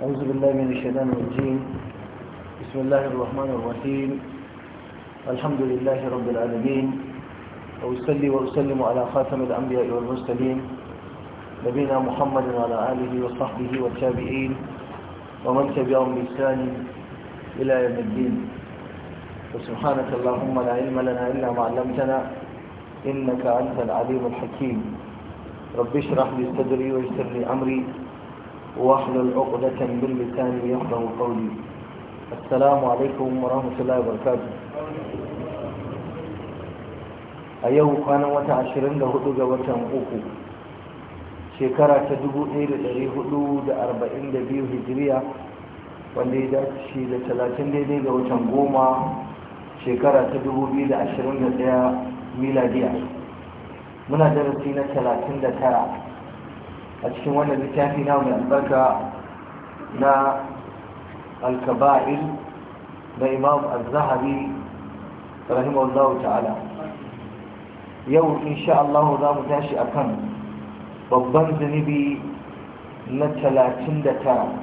أعوذ بالله من الشيطان الرجيم بسم الله الرحمن الرحيم الحمد لله رب العالمين وأصلي وأسلم على خاتم الأنبياء والمرسلين نبينا محمد وعلى آله وصحبه والتابعين ومن تبعهم بإحسان إلى يوم الدين وسبحانك اللهم لا علم لنا إلا ما علمتنا إنك أنت العليم الحكيم رب اشرح لي صدري ويسر لي أمري واحلل عقدة من لساني يفقه قولي السلام عليكم ورحمة الله وبركاته a yau kwanan wata ashirin da hudu ga watan uku shekara ta dubu ɗaya da da da hudu arba'in biyu hijiriya wanda ya dace da talatin daidai ga watan goma shekara ta dubu biyu da da ashirin 2021 miladiya muna darasi na talatin da tara. a cikin wannan littafi na mai albarka na alkaba'il na imam al-zahabi rahimahullahu ta'ala yau insha Allah za mu tashi akan babban zunubi na 39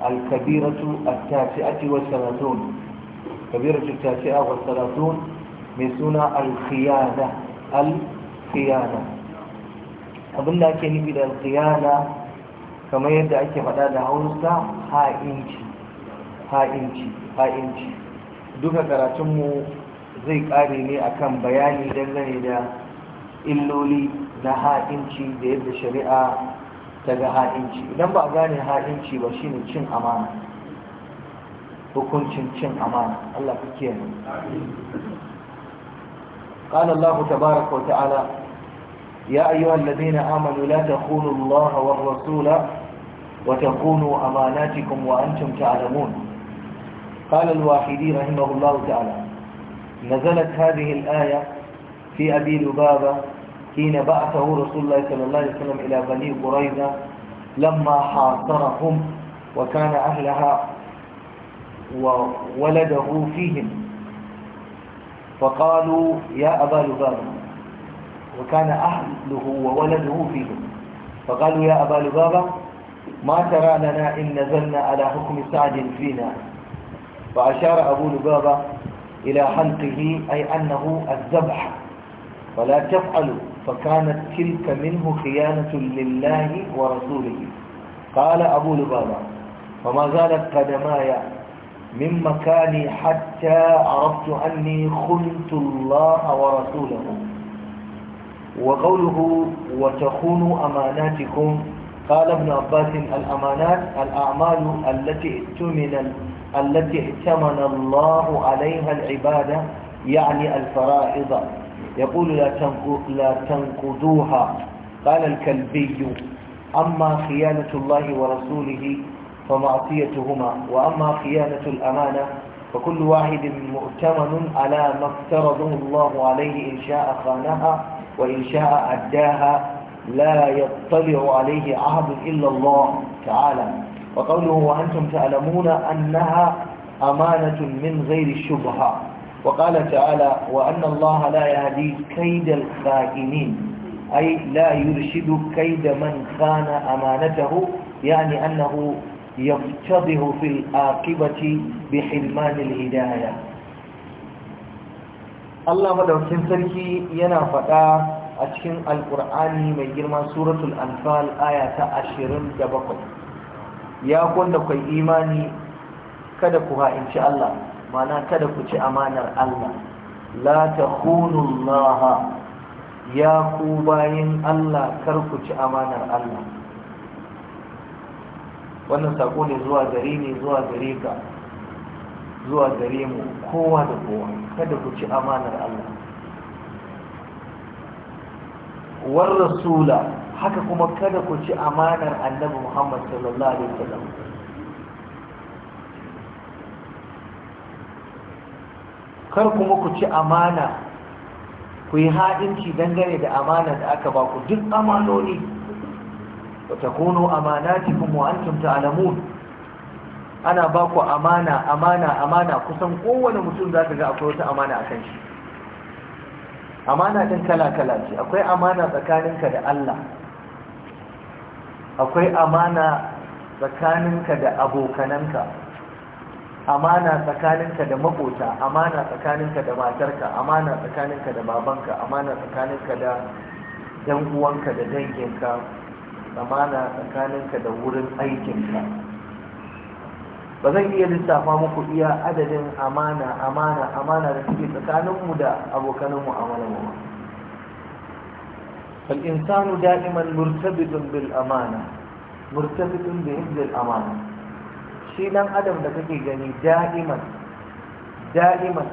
alkabiratu at-tasi'ati wa salatun kabiratu at-tasi'a wa salatun mai suna al-khiyana al-khiyana abinda ake nufi da al-khiyana kamar yadda ake faɗa da hausa ha'inci ha'inci ha'inci duka karatunmu zai ƙare ne akan bayani dangane da illoli na ha'inci da yadda shari'a ta ga ha'inci idan ba a gane ha'inci ba shine cin amana hukuncin cin amana Allah ka kiyaye قال الله تبارك وتعالى يا أيها الذين آمنوا لا تخونوا الله والرسول وتخونوا أماناتكم وأنتم تعلمون قال الواحدي رحمه الله تعالى نزلت هذه الآية في أبي لبابة حين بعثه رسول الله صلى الله عليه وسلم إلى بني قريظة لما حاصرهم وكان أهلها وولده فيهم فقالوا يا أبا لبابة وكان أهله وولده فيهم فقالوا يا أبا لبابة ما ترى لنا إن نزلنا على حكم سعد فينا فأشار أبو لبابة إلى حلقه أي أنه الذبح ولا تفعلوا فكانت تلك منه خيانة لله ورسوله قال أبو لبابة فما زالت قدماي من مكاني حتى عرفت أني خنت الله ورسوله وقوله وتخونوا أماناتكم قال ابن عباس الأمانات الأعمال التي ائتمن التي ائتمن الله عليها العبادة يعني الفرائض يقول لا تنقضوها قال الكلبي أما خيانة الله ورسوله فمعصيتهما وأما خيانة الأمانة فكل واحد مؤتمن على ما افترضه الله عليه إن شاء خانها وإن شاء أداها لا يطلع عليه أحد إلا الله تعالى وقوله وأنتم تعلمون أنها أمانة من غير الشبهة وقال تعالى وأن الله لا يهدي كيد الخائنين أي لا يرشد كيد من خان أمانته يعني أنه يفتضه في الآقبة بحرمان الهداية Allah madaukakin sarki yana faɗa a cikin alkur'ani mai girma suratul anfal aya ta ashirin da bakwai ya kunda kwa imani kada ku ha'inci Allah mana kada ku ci amanar Allah la ta Allah ya ku bayin Allah kar ku ci amanar Allah wannan sako ne zuwa gare ne zuwa gare ka zuwa gare mu kowa da kowa kada ku ci amanar Allah war rasula haka kuma kada ku ci amanar annabi Muhammad sallallahu alaihi wasallam kar kuma ku ci amana ku yi haɗinci dangane da amana da aka ba ku duk amanoni wa takunu amanatikum wa antum ta'lamun ana ba ku amana amana amana kusan kowane mutum za ka ga akwai wata amana a kan shi amana din kala-kala ce akwai amana tsakaninka da Allah akwai amana tsakaninka da abokananka amana tsakaninka da makota amana tsakaninka da matarka amana tsakaninka da babanka amana tsakaninka da yan uwanka da danginka amana tsakaninka da wurin aikinka ba zan iya lissafa muku iya adadin amana amana amana da suke tsakaninmu da abokaninmu a malamu ba fal'insanu da'iman da'imar bil amana murtabitin amana shi nan adam da kake gani da'iman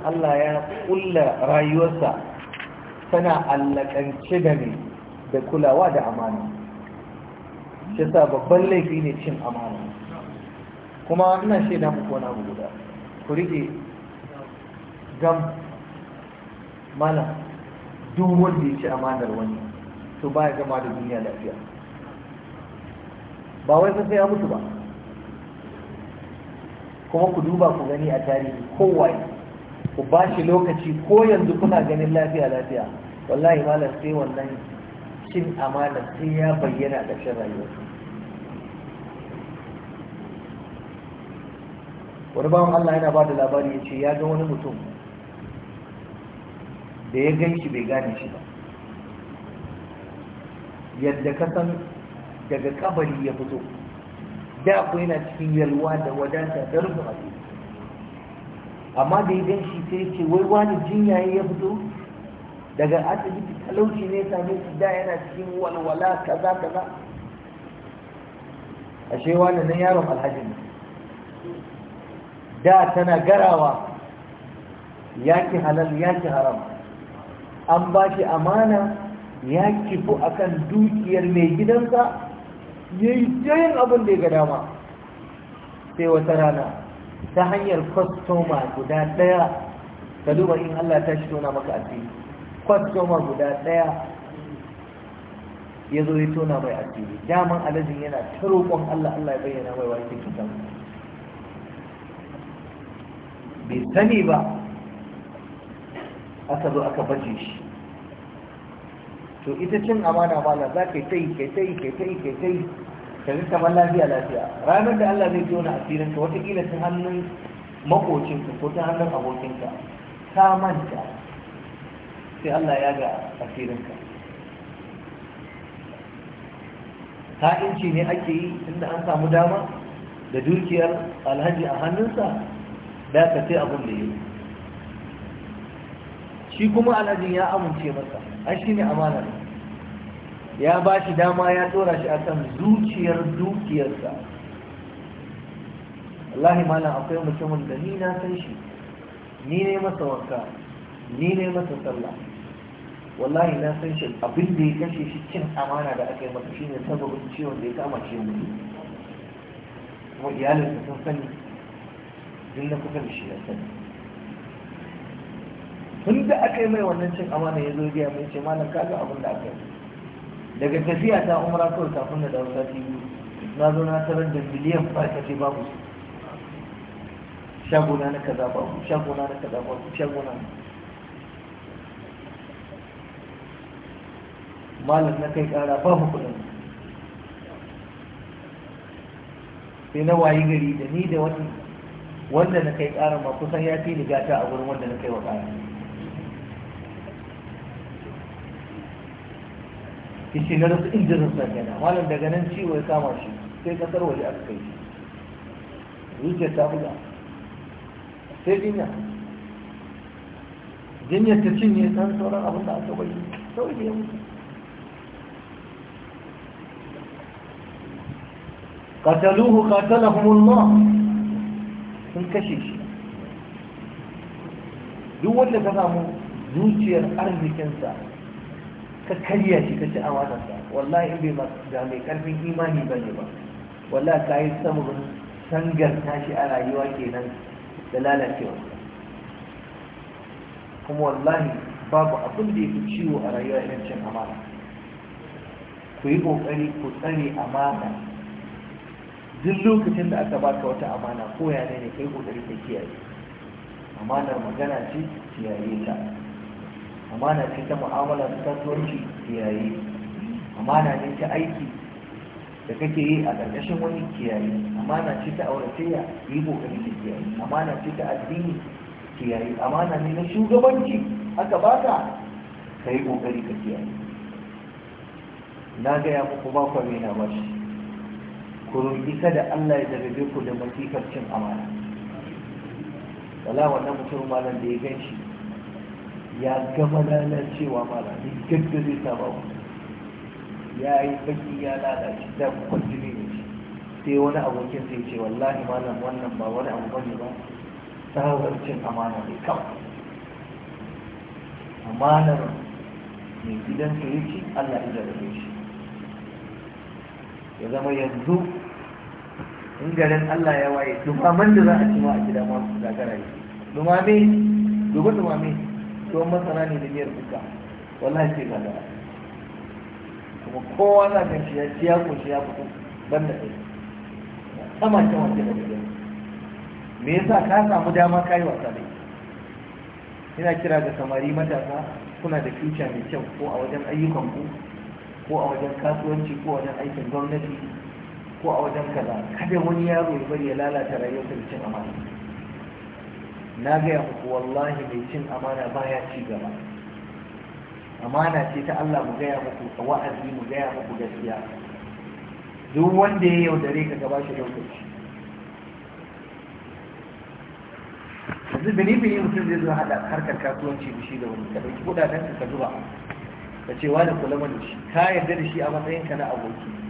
allah ya ƙulla rayuwarsa tana allakance da ne da kulawa da amana shi sa babban laifi ne cin amana kuma ina da muku wani abu guda ku rike gam mana duk wanda ya ci amanar wani to baya gama da duniya lafiya ba wai sai ya mutu ba kuma ku duba ku gani a tarihi kowai ku ba shi lokaci ko yanzu kuna ganin lafiya lafiya wallahi malam sai wannan cin amana sai ya bayyana a ƙarshen rayuwarsa wani bawan Allah yana ba da labari ya ce ya ga wani mutum da ya gan shi bai gane shi ba yadda ka san daga kabari ya fito da ku yana cikin yalwa da wadata da rufin asiri amma da ya gan shi sai ce wai wani jinya ya fito daga asibiti talauci ne same shi da yana cikin walwala kaza kaza ashe wani nan yaron alhaji ne da tana garawa yaki halal yaki haram an ba shi amana ya kifu akan dukiyar mai gidansa ya yi jayin abin da ya ga dama sai wata rana ta hanyar kwastoma guda ɗaya ka duba in Allah ta shi tona maka asiri kwastoma guda ɗaya ya zo ya tona mai asiri daman alajin yana ta roƙon Allah Allah ya bayyana mai wa yake cutar bai sani ba aka zo aka baje shi to ita cin amana mala za ka yi ta yi ka yi ta yi ka yi ta yi ka yi kamar lafiya lafiya ranar da Allah zai tona ka watakila ta hannun makocin ka ko ta hannun abokin ka, ta manta sai Allah ya ga asirin asirinka ta'inci ne ake yi inda an samu dama da dukiyar alhaji a hannunsa da ka sai abin da yi shi kuma al'adun ya amince masa an shi ne amana ya ba shi dama ya tsora shi akan zuciyar dukiyarsa wallahi malam akwai mutumin da ni na san shi ni ne masa wanka ni ne masa sallah wallahi na san shi abin da ya kashe shi cin amana da aka yi masa shine sababin ciwon da ya kama shi mutu kuma iyalinsa sun sani duk na kusa da shi ya sani tun da aka yi mai wannan cin amana ya zo biya mai ce malam ga abin da aka yi daga tafiya ta umra kawai kafin da dawo sati biyu na zo na tarar da miliyan ce babu su shagona na kaza babu shagona na kaza babu shagona malam na kai kara babu kudin sai na wayi gari da ni da wani wanda na kai tsarin ba kusan ya fi riga ta a wurin wanda na kai wa tsarin ki shi na rasu injirin sa kenan malam daga nan ciwo ya kama shi sai kasar waje aka kai shi zuciyar ta buga sai jinya jinyar ta cinye san sauran abin da aka bai sau da ya mutu قتلوه قاتلهم الله sun kashe shi duk wanda ka samu zuciyar arzikinsa ka karya shi ka ci amanarsa wallahi in bai da mai karfin imani ba ne ba wallahi ka yi samun sangarta shi a rayuwa kenan da lalacewa kuma wallahi babu abin da ya fi ciwo a rayuwa irin cin amana ku yi ƙoƙari ku tsare amana duk lokacin da aka baka wata amana ko ya ne kai kokari ka kiyaye amanar magana ce kiyaye ta amana ce ta mu'amala ta kasuwanci kiyaye amana ne ta aiki da kake yi a ƙarƙashin wani kiyaye amana ce ta auratayya yi kokari ka kiyaye amana ce ta addini kiyaye amana ne na shugabanci aka baka ka yi kokari ka kiyaye na gaya muku ba Kwame mai na bashi Kurun isa da Allah ya jarabe ku da masifar cin amana wala wannan mutum malam da ya gan shi ya gama cewa malam ni gadda zai saba ya yi baki ya lalace da kuma jini ne sai wani abokin sai ce wallahi malam wannan ba wani abu bane ba tsawar cin amana ne kawai amanar mai gidansa yake Allah ya jarabe shi ya zama yanzu in garin Allah ya waye dumaman da za a ci ma a gida ma su gagara yi dumame duba dumame to masana ne da miyar duka wallahi sai gagara kuma kowa za ka shi ya ci ya koshi ya fito ban da ɗaya sama ta wace da gidan me yasa ka samu dama ka yi wasa dai? ina kira ga samari matasa kuna da future mai kyau ko a wajen ayyukanku ko a wajen kasuwanci ko a wajen aikin gwamnati ko a wajen kaza kada wani yaro ya bari ya lalata rayuwar cin amana na gaya muku wallahi mai cin amana baya ci gaba amana ce ta Allah mu gaya muku a wa'azi mu gaya muku gaskiya duk wanda ya yaudare ka gaba shi lokaci yanzu bini-bini mutum zai zo hada harkar kasuwanci da shi da wani ka ɗauki dan ka zuba ka ce wani kula mana shi ka yarda da shi a matsayin ka na aboki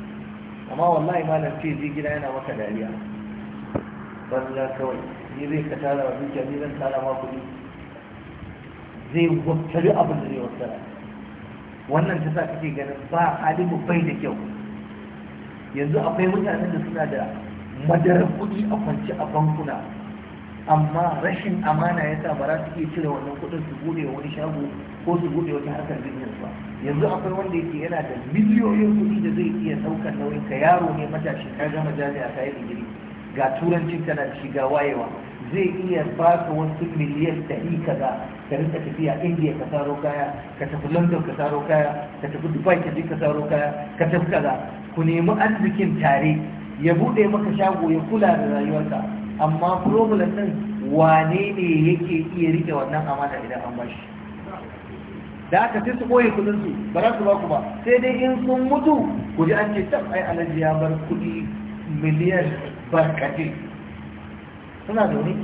amma wallahi malam ce zai gida yana maka dariya banza kawai ni zai ka tara wa ni zan tara ma kuɗi zai wattari abin da zai wattara wannan ta sa kake ganin ba alimu bai da kyau yanzu akwai mutanen da suna da madarar kuɗi a kwance a bankuna amma rashin amana ya sa ba za su iya cire wannan kuɗin su bude wani shago ko su buɗe wata harkar business ba yanzu akwai wanda yake yana da miliyoyin kuɗi da zai iya ɗaukar nauyin ka yaro ne matashi ka gama jami'a ka yi digiri ga turancin kana da shiga wayewa zai iya baka wasu miliyan ɗari kaza ka rinka tafiya indiya ka saro kaya ka tafi london ka saro kaya ka tafi dubai ka je ka saro kaya ka tafi kaza ku nemi arzikin tare ya buɗe maka shago ya kula da rayuwarka amma problem ɗin wane ne yake iya riƙe wannan amana idan an bashi da aka sai su koyi kudin su ba za su ba ku ba sai dai in sun mutu ku ji an ce tab ai alaji ya bar kudi miliyan barkace suna da wani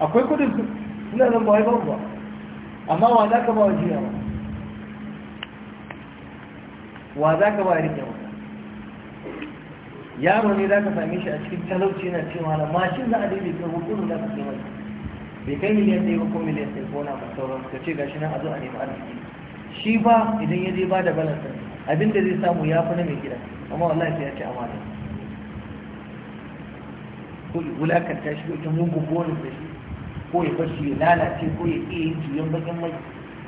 akwai kudin su suna nan ba wai ba ba amma wa za ka ba wa jiya ba wa za ka ba rike ba yaro ne za ka same shi a cikin talauci na cewa na mashin za a daidaita hukunan za ka ce mai. bai kai miliyan ɗaya ko miliyan ɗaya ko na sauran ka ce gashi nan a zo a nemi arziki shi ba idan ya je ba da balansa abin da zai samu ya fi na mai gida amma wallahi sai ya ce amana ko ya wulakanta shi ko ya bonus da shi ko ya bar shi ya lalace ko ya iya yin tuyon bakin mai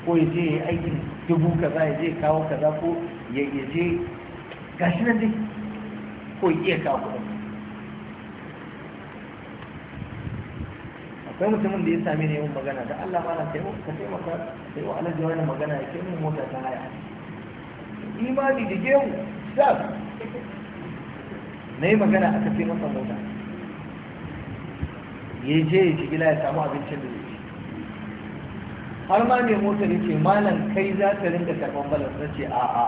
ko ya je ya aikin dubu kaza ya je kawo kaza ko ya je gashi nan dai ko ya iya kawo kuɗin akwai mutumin da ya sami ne yawan magana da Allah mana kai ka maka sai wa alaji wani magana ya kai mun mota ta haya imani da gewu sab na yi magana aka kafin masa mota ya je ya ci gila ya samu abincin da zai har ma mai motar ya ce malam kai za ka rinka karɓar balas na ce a'a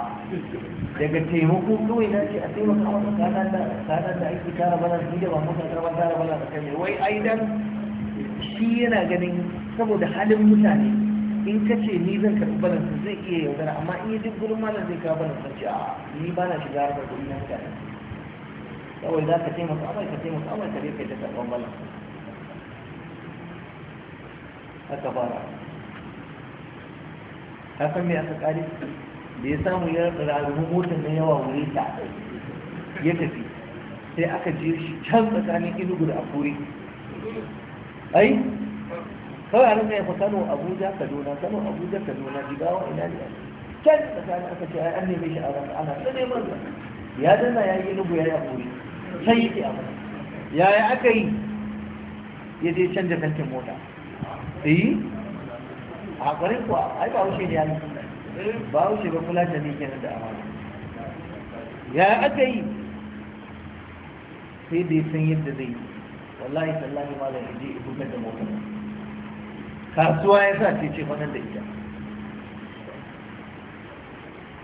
daga taimako kawai na ce a taimaka masa kana da ake tara balas ni da ba mota tara balas a kai wai aidan dan shi yana ganin saboda halin mutane in ka ce ni zan karɓi balansa zai iya yaudara amma in yi duk gurin malam zai kawo balansa ce a ni ba na shiga harkar kuɗi na mutane saboda za ka masu amai ka masu amai ka rika ta karɓar balansa haka fara san mai aka ƙari da ya samu ya rarrabu motar na yawa wuri ta ya tafi sai aka je shi can tsakanin inugu da afuri. ai kawai a rinka yafa kano abuja kaduna sanu abuja kaduna jigawa ina ne can tsakanin aka ce an neme shi a ranar ana ta neman ya dana ya yi nubu ya yi aburi sai ke a mana yaya aka yi ya je canja kantin mota eh a kwarin kuwa ai ba haushe ne ya yi. ba haushe ba kula ta ne kenan da amana yaya aka yi sai dai san yadda zai yi wallahi tallahi malam zai ya bugar da motar kasuwa ya sa ce ce da ita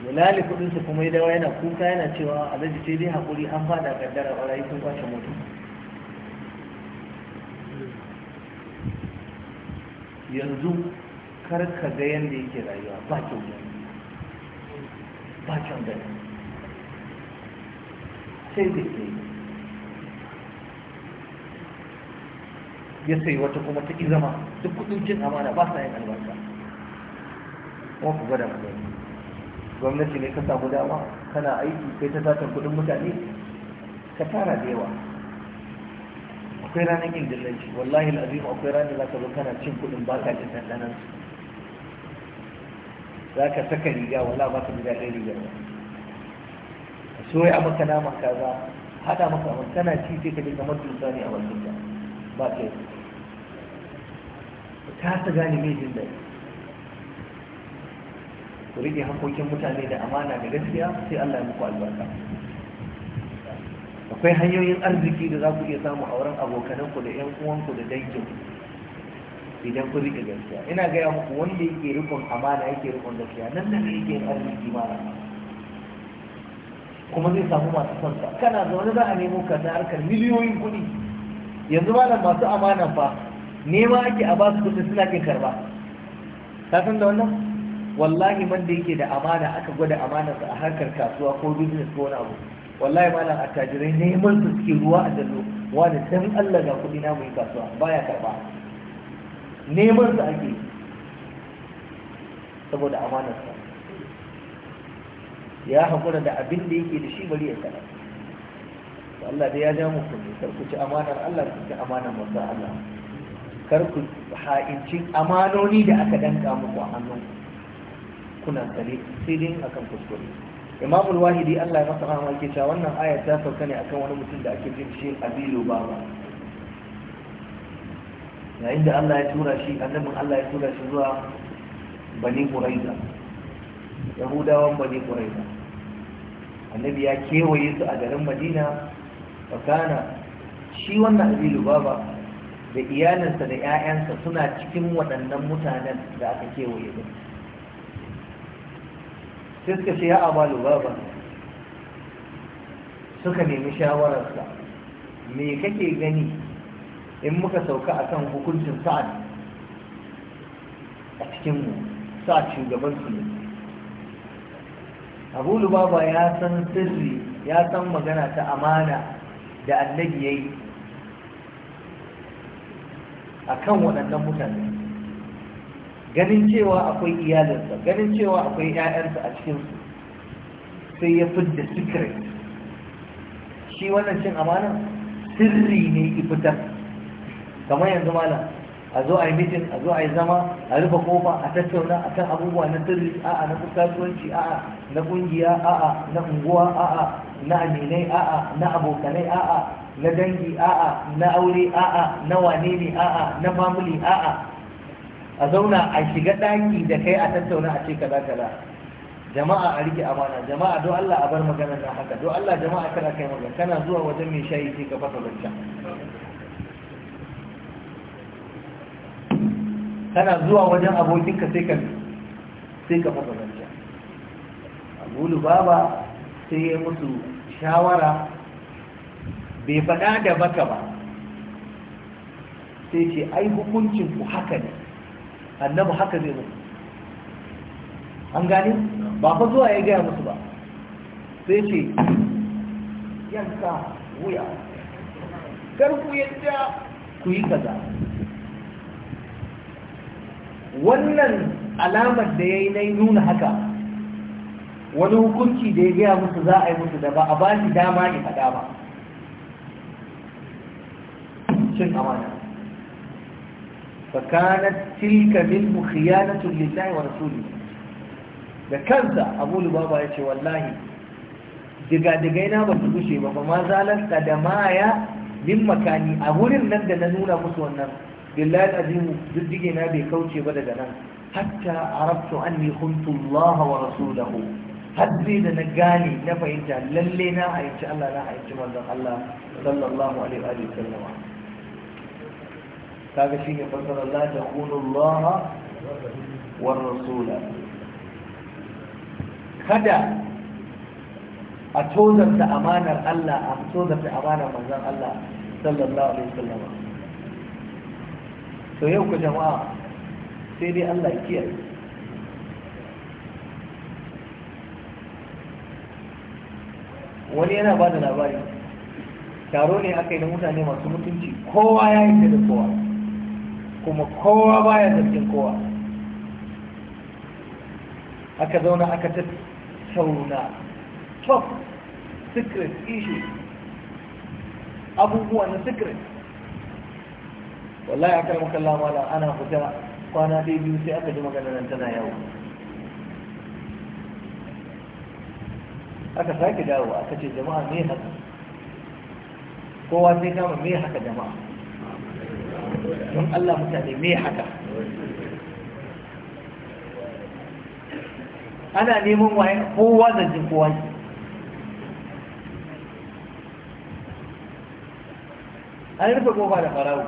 ya lali kudinsa kuma ya dawa yana kuka yana cewa zai sai dai hakuri an fada kaddara barayi sun kwace motar yanzu kar ka ga yadda yake rayuwa ba kyau da ba kyau da sai da ke yi ya sayi wata kuma ta izama duk kudin cin amana ba sa yin albarka kuma ku gwada mu gwamnati ne ka samu dama kana aiki kai ta zata kudin mutane ka tara da yawa akwai ranar yin dillanci wallahi al'azim akwai ranar za ka zo kana cin kudin ba ka cin ɗanɗanan za ka saka riga wala ba ka ji daɗin riga ba a soya maka naman kaza haɗa maka abin kana ci sai ka dinga mutunta ne a bakin ba ke gane ku rike hakokin mutane da amana da gaskiya sai Allah ya muku albarka akwai hanyoyin arziki da za ku iya samu a wurin abokananku da 'yan uwanku da danginku idan ku rike gaskiya ina gaya muku wanda yake rikon amana yake rikon gaskiya nan nan yake yin arziki mana kuma zai samu masu son kana zaune za a nemo ka na harkar miliyoyin kuɗi yanzu ba nan masu amana fa nema ake a basu kudi suna kin karba ka san da wannan wallahi man da yake da amana aka gwada amana a harkar kasuwa ko business ko wani abu wallahi malam attajirai neman su suke ruwa a dallo wani dan Allah ga kudi na mu yi kasuwa baya karba neman su ake saboda amanar sa ya haƙura da abin da yake da shi bari ya sanar Allah dai ya ja mu kunne kar ku ci amanar Allah ku ci amanar manzon Allah kar ku ha'inci amanoni da aka danka muku a hannun kuna tsare sai dai akan kuskure Imam al-Wahidi Allah ya masa rahama yake cewa wannan aya ta sauka ne akan wani mutum da ake jin shi Abilu Baba yayin da Allah ya tura shi annabin Allah ya tura shi zuwa Bani Quraiza Yahudawan Bani Quraiza annabi ya kewaye su a garin Madina fakana shi wannan abilu baba da iyalinsa da 'ya'yansa suna cikin waɗannan mutanen da aka kewaye ba. sai suka ce ya abalu baba suka nemi shawararsa me kake gani in muka sauka akan hukuncin sa'ad a cikinmu sa'ad shugaban su ne abu lubaba ya san sirri ya san magana ta amana da annabi ya yi a kan waɗannan mutane ganin cewa akwai iyalinsa ganin cewa akwai 'ya'yansa a cikinsu sai ya fi da secret shi wannan cin amana sirri ne fitar kamar yanzu malam a zo a yi mitin a zo a yi zama a rufe kofa a tattauna a kan abubuwa na sirri a'a na kasuwanci a'a na kungiya a'a na unguwa a'a na aminai a'a na abokanai a'a na dangi a'a na aure a'a na wane ne a'a na famili a'a a zauna a shiga ɗaki da kai a tattauna a ce kaza kaza jama'a a rike amana jama'a don Allah a bar magana na haka don Allah jama'a kana kai magana kana zuwa wajen mai shayi sai ka fasa zancen kana zuwa wajen abokinka sai ka sai ka fasa zancen abulu baba sai ya musu shawara bai faɗa da baka ba sai ce ai hukuncin ku haka ne annabu haka zai musu an gane ba fa zuwa ya gaya musu ba sai ce yanka wuya kar ku yadda ku yi kaza wannan alamar da ya yi na nuna haka wani hukunci da ya gaya musu za a yi musu da ba a ba shi dama ya faɗa ba cin amana tilka min منه lillahi wa rasuli da kansa abu lubaba ya ce wallahi diga na ba su gushe ba ba ma zalanta da maya min makani a wurin nan da na nuna musu wannan billahi duk diddige na bai kauce ba daga nan hatta arabtu anni khuntu Allah wa rasulahu haddi da na gani na fahimta lalle na haici Allah na haici manzon Allah sallallahu alaihi wa sallama kaga shine fasara la taqulu Allah wa rasula kada a tozarta amanar Allah a tozarta amanar manzon Allah sallallahu alaihi wa sallama to yau ku jama'a sai dai Allah kiyaye wani yana ba da labari taro ne aka yi na mutane masu mutunci kowa ya yi da kowa kuma kowa baya zargin kowa aka zauna aka sauna top secret issue abubuwa na secret wallahi aka ramuka lamala ana fita kwana daidai biyu sai aka ji maganar tana yawon aka sake dawo aka ce jama'a me haka kowa sai kama me haka jama'a don Allah mutane me haka ana neman waye kowa jin kowa ne an rufe kofa da farawo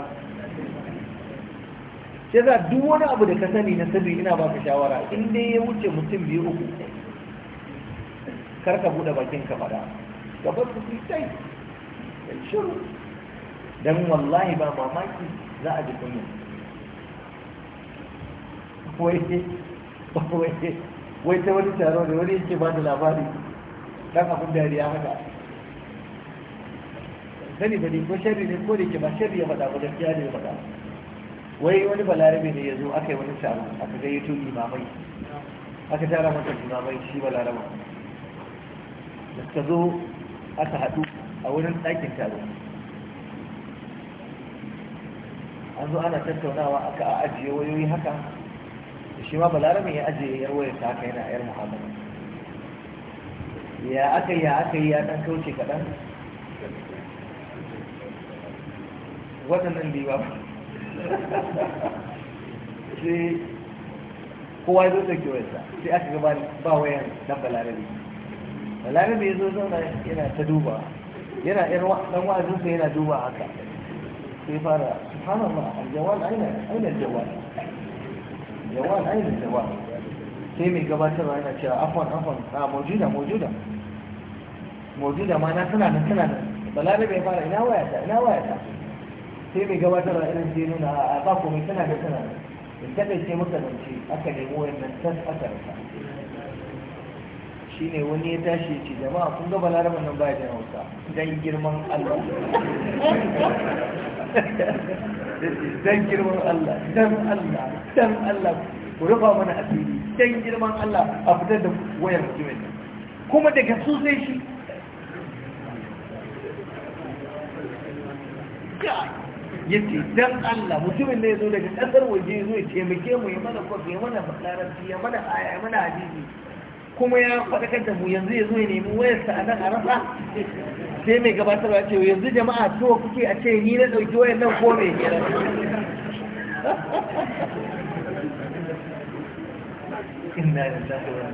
sai za duk wani abu da ka sani na sabi ina baka shawara in dai ya wuce mutum biyu uku kar ka buɗe bakin ka faɗa ka su sai da shiru dan wallahi ba mamaki za a ji kunya wai ta wani taro da wani yake ba da labari dan abin ya haka sani ba ne ko sharri ne ko da ke ba shari ya faɗa ba gaskiya da ya faɗa wai wani balarabe ne ya zo aka yi wani taro aka gayyato mamai. aka tara masa limamai shi balarabe da suka zo aka haɗu a wurin ɗakin taro an zo ana tattaunawa aka a ajiye wayoyi haka da shi ma balarabe ya ajiye yar wayar ta haka yana yar muhammadu ya aka ya aka yi ya ɗan kauce kaɗan waɗannan ba. sai kowa ya zo ɗauki wayarsa sai aka gaba ba wayan ɗan balarabe balarabe ya zo zauna yana ta duba yana ɗan sai yana duba haka sai fara subhanallah aljawal aina aina aljawal jawal aina jawal sai mai gabatarwa yana cewa afon afon a maujuda maujuda maujuda ma na tana nan tana nan balarabe ya fara ina wayata ina wayata sai mai gabatarwa irin sai nuna a ba komai tana da tana nan in taɗaice maka zance aka nemo yadda tas aka rasa shine wani ya tashi ce jama'a kun ga balaraban nan baya da hausa dan girman Allah dan girman Allah dan Allah dan Allah ku rufa mana asiri dan girman Allah a fitar da wayar mutumin kuma daga su sai shi ya ce dan Allah mutumin ne ya zo daga ƙasar waje ya zo ya taimake mu ya mana kwafi ya mana larabci ya mana aya ya mana hadisi kuma ya faɗakar da mu yanzu ya zo ya nemi wayarsa a nan a rasa sai mai gabatarwa ce yanzu jama'a to kuke a ce ni na ɗauki wayar nan ko mai hira inna lillahi wa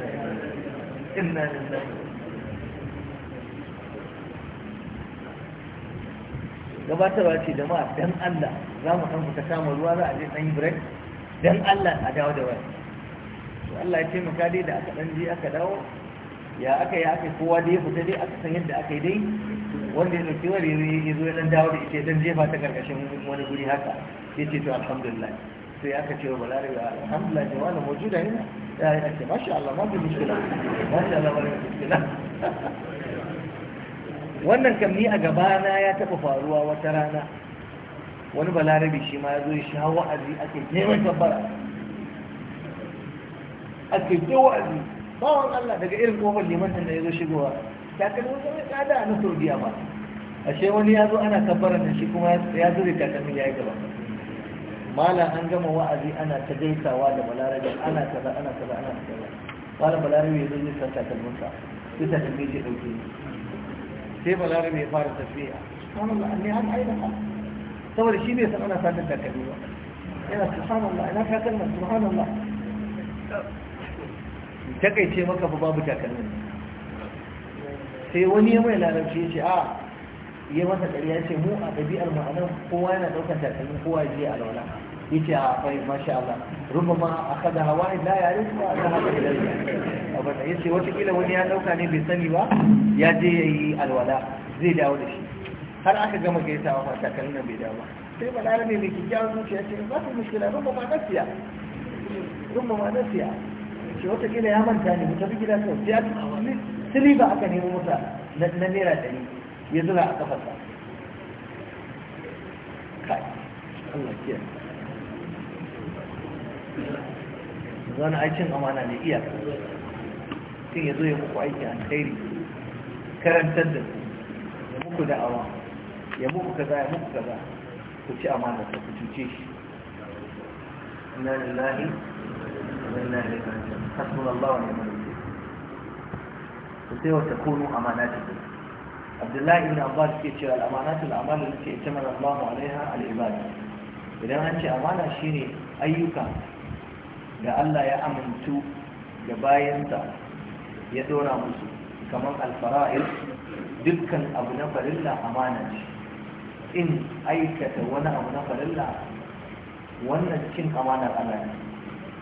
inna lillahi gabatarwa ce jama'a dan Allah za mu san ku ta kama ruwa za a je dan break dan Allah a dawo da wayar Allah ya ce maka dai da aka dan je aka dawo ya aka yi aka kowa da ya fita dai aka san yadda aka yi dai wanda ya dauki wani ne ya zo ya dan dawo da ita dan jefa ta karkashin wani guri haka ya ce to alhamdulillah sai aka ce wa balare ga alhamdulillah wani mawjuda ne ya yi ake masha Allah ma bi mushkila masha Allah ma bi mushkila wannan kam ni a gaba na ya taba faruwa wata rana wani balarabi shi ma ya zo ya sha wa'azi ake neman tabbara الكبتوة دي طور الله تجعير قوة اللي مثلا يدو شقوها لكن هو سمي قادة نصر ديامات الشيء واني هذا أنا كبر من شكوما يادو دي تاتمي لي عيقبا ما لا أنجم وعدي أنا تجيسا وعد ولا رجل أنا كذا أنا كذا أنا كذا قال ولا رجل يدو دي سرطة المنسى تسا تنبيشي حوتي سي ولا رجل يفار تسبيع سبحان الله سبحان الله takaice maka fa babu takalmin sai wani ya mai larabci ya ce a ah, ya masa ya ce mu a ɗabi'ar ma'anar kowa yana ɗaukar takalmin kowa ya je a laula ya ce a fahim masha Allah rubama a kada hawa la ya yi kuma ta haka da abada ya ce watakila wani ya ɗauka ne bai sani ba ya je ya yi alwala zai dawo da shi har aka gama gaisawa wa takalmin bai dawo ba sai balarabe mai kikiyar zuciya ce ba su mushkila rubama nasiya ma nasiya ce watakila ya manta ne mutu gida sau sai a sili ba aka nemo mota na nera ɗari ya zura a kafarsa kai Allah kiya zana aikin amana ne iya sun ya zo ya muku aiki an kairi karantar da ya muku da'awa ya muku kaza ya muku kaza ku ci amana ku cuce shi inna lillahi wa inna na raji'un hasbunallahu wa ni'mal wakeel to sai wa takunu Abdullahi ibn Abbas ke cewa al-amanatu al-amalu allati itamara Allahu 'alayha al idan an ce amana shine ayyuka da Allah ya amintu da bayansa ya dora musu kamar al-fara'id dukkan abu na farilla amana in aikata wani abu na wannan cikin amanar Allah ne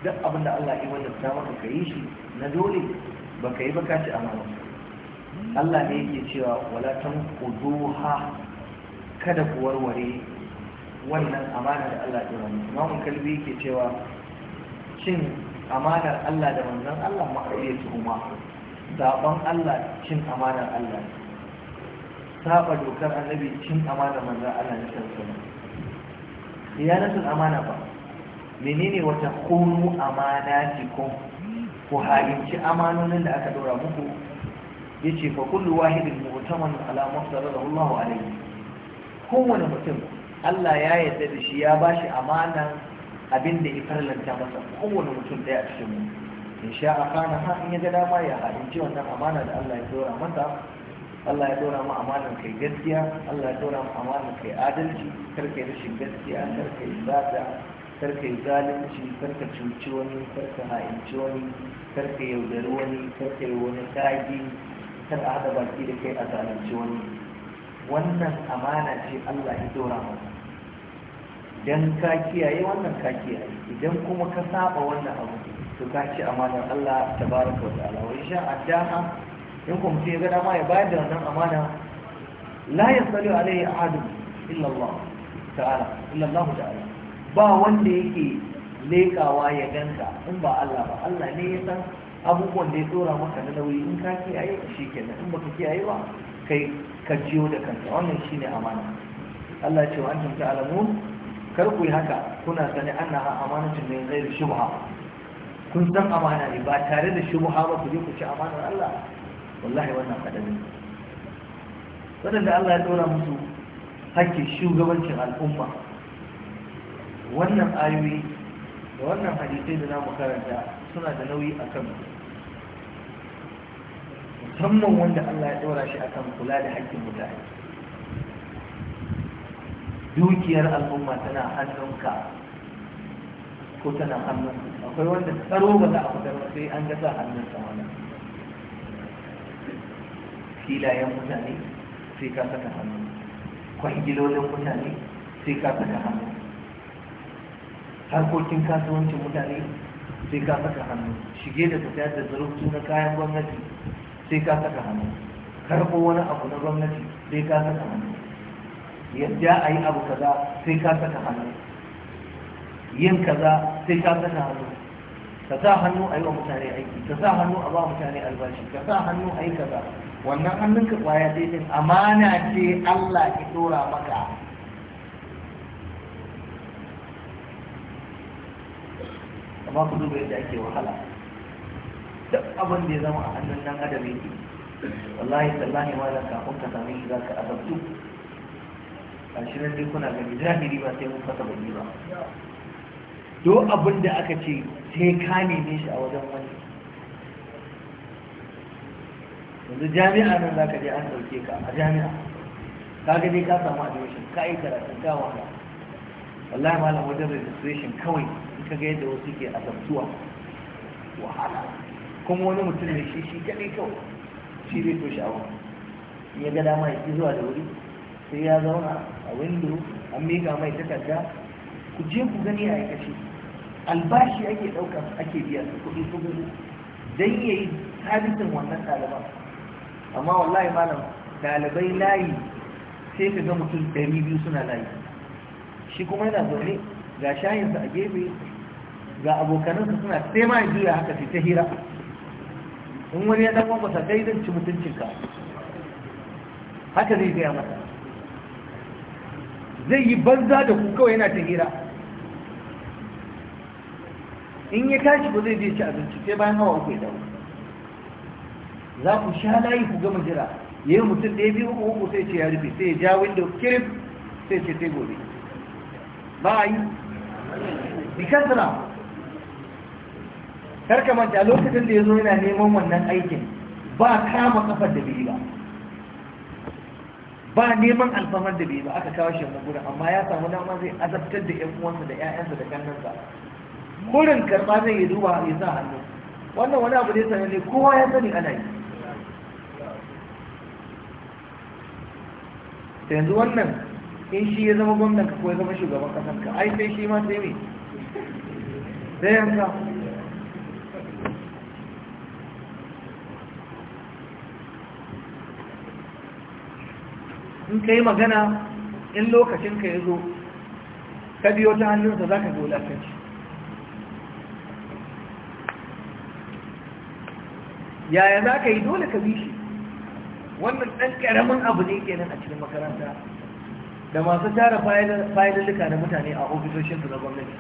duk abin da Allah ya wajabta maka ka yi shi na dole ba ka yi ba ka ci amana Allah ne yake cewa wala ha kada ku warware wannan amana da Allah ya wani Imam Kalbi yake cewa cin amanar Allah da manzon Allah ma'ayyatu huma zaben Allah cin amanar Allah saba dokar annabi cin amanar manzan Allah ne sallallahu alaihi wasallam amana ba menene wata kunu amana cikin ku halinci amanonin da aka dora muku ya ce fa kullu wahidin mu'taman ala mafsarahu Allahu alayhi kowane mutum Allah ya yarda da shi ya bashi amanan abin da ya farlanta masa kowane mutum daya a cikin mu in sha akana ha in ya ga dama ya halinci wannan amana da Allah ya dora masa Allah ya dora ma amanar kai gaskiya Allah ya dora ma amanar kai adalci karkai rashin gaskiya karkai zata karka yi zalunci karka cuci wani karka ha'inci wani karka yaudari wani karka yi wani tagi kar a haɗa baki da kai a zalunci wani wannan amana ce Allah ya dora maka idan ka kiyaye wannan ka kiyaye idan kuma ka saba wannan abu to ka ci amanar Allah ta tabaraka wa ta'ala wa insha addaha in kuma ya ga dama ya bayar da wannan amana la yasalu alaihi ahadun illa Allah ta'ala illa Allah ta'ala ba wanda yake lekawa ya ganta in ba Allah ba Allah ne ya san abubuwan da ya tsora maka na nauyi in ka kiyaye ka shi kenan in baka kiyaye ba kai ka jiyo da kanka wannan shine amana Allah ya ce wa antum ta'lamun kar ku yi haka kuna sani annaha amanatun min ghairi shubha kun san amana ne ba tare da shubha ba ku je ku ci amanar Allah wallahi wannan kadari wadanda Allah ya tsora musu hakki shugabancin al'umma wannan ayoyi da wannan hadisai da namu karanta suna da nauyi a kan musamman wanda Allah ya ɗora shi akan kula da haƙƙin mutane dukiyar al'umma tana hannunka ko tana hannunka akwai wanda tsaro ba za a fitar sai an ga sa hannunsa wani filayen mutane sai ka saka hannu kwangilolin mutane sai ka saka hannu harkokin kasuwancin mutane sai ka saka hannu shige da tafiya da zarurtu na kayan gwamnati sai ka saka hannu karɓo wani abu na gwamnati sai ka saka hannu yadda a yi abu kaza sai ka saka hannu yin kaza sai ka saka hannu ka sa hannu a yi wa mutane aiki ka sa hannu a ba mutane albashi ka sa hannu a yi kaza wannan hannunka kwaya daidai amana ce Allah ya dora maka amma ku duba yadda ake wahala duk abin da ya zama a hannun nan adam yake wallahi sallahi ma da kafin ka same shi za ka azabtu a shirin dai kuna gani zahiri ba sai mun fasa bani ba do abin da aka ce sai ka neme shi a wajen wani yanzu jami'a nan za ka je an ɗauke ka a jami'a ka ga dai ka samu admission ka yi karatun ka wahala wallahi malam wajen registration kawai kaga yadda wasu ke azabtuwa wahala kuma wani mutum ne shi shi kadai kawai shi zai to sha'awa ya ga dama ya zuwa da wuri sai ya zauna a windo an mika mai takarda ku je ku gani a aikace albashi ake ɗauka ake biya su kuɗi su gudu don ya yi sabitin wannan ɗaliban amma wallahi malam ɗalibai layi sai ka ga mutum ɗari biyu suna layi shi kuma yana zaune ga shayinsa a gefe ga abokanansa suna sai ma juya haka fi ta hira in wani ya dan kwakwasa kai zan ci mutuncinka haka zai gaya mata zai yi banza da ku kawai yana ta hira in ya tashi ba zai je ci abinci sai bayan hawa uku ya dawo za ku sha layi ku gama jira yayi mutum da ya biyu uku sai ce ya rufe sai ya ja window kirif sai ce sai gobe ba a yi na karka manta lokacin da ya zo yana neman wannan aikin ba kama kafar da biyu ba ba neman alfamar da biyu ba aka kawo shi gudun. amma ya samu dama zai azabtar da yan uwansa da ƴaƴansa da kannansa kurin karɓa zai yi duba ya sa hannu wannan wani abu ne ne kowa ya sani ana yi yanzu wannan in shi ya zama gwamnan ka ko ya zama shugaban ƙasar ka ai sai shi ma sai me sai yanka in ka yi magana in lokacin ka ya zo ka biyo ta hannunsa za ka zo kanci yaya za ka yi dole ka bi shi wannan ɗan ƙaramin abu ne kenan a cikin makaranta da masu tara duka na mutane a ofisoshinsu na gwamnati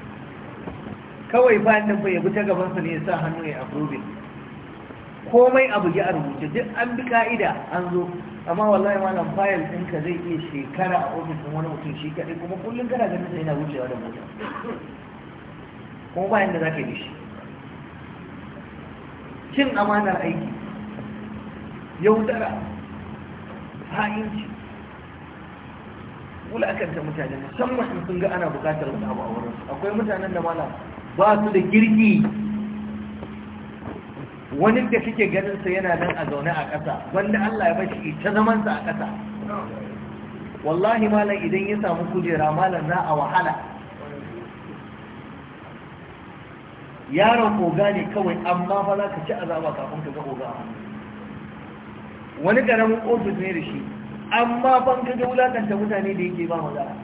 kawai fayil ɗin ya bi ta gabansa ne ya sa hannu ya aprobin komai abu ya rubuce duk an bi ka'ida an zo amma wallahi malam fayil ɗinka zai iya shekara a ofis ɗin wani mutum shi kaɗai kuma kullum kana ganin sa yana wucewa da mota kuma bayan da za ka yi shi cin amanar aiki yaudara ha'inci wulakanta mutane musamman sun ga ana buƙatar wani abu a wurinsu akwai mutanen da malam ba su da girki wani da kike ganinsa yana nan a zaune a ƙasa wanda Allah ya bashi ta zamansa a ƙasa wallahi malam idan ya samu kujera malam za a wahala yaron koga ne kawai amma ba za ka ci azaba kafin ka ga koga wani ƙaramin ofis ne da shi amma ban ka ga wulakanta mutane da yake ba magana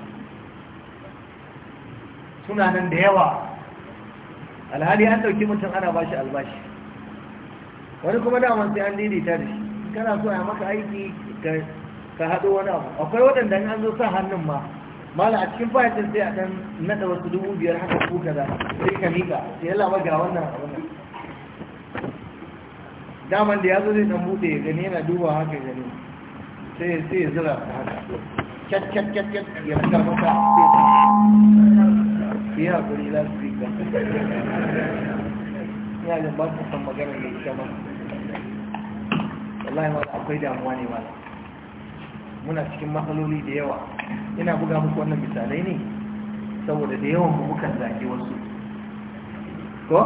suna nan da yawa alhali an ɗauki mutum ana bashi albashi wani kuma daman sai an daidaita da shi kana so a maka aiki ka haɗo wani abu akwai waɗanda an zo sa hannun ma mala a cikin fahimtar sai a ɗan naɗa wasu dubu biyar haka ko kaza sai ka miƙa sai ya lama ga wannan a wannan daman da ya zo zai ɗan buɗe gani yana duba haka gani sai sai ya zira da haka cat cat cat cat ya fitar maka sai ya haƙuri last week ba ina da ba su san magana da ita ba wallahi ma akwai damuwa ne mana muna cikin matsaloli da yawa ina buga muku wannan misalai ne saboda da yawan mu mukan zaki wasu ko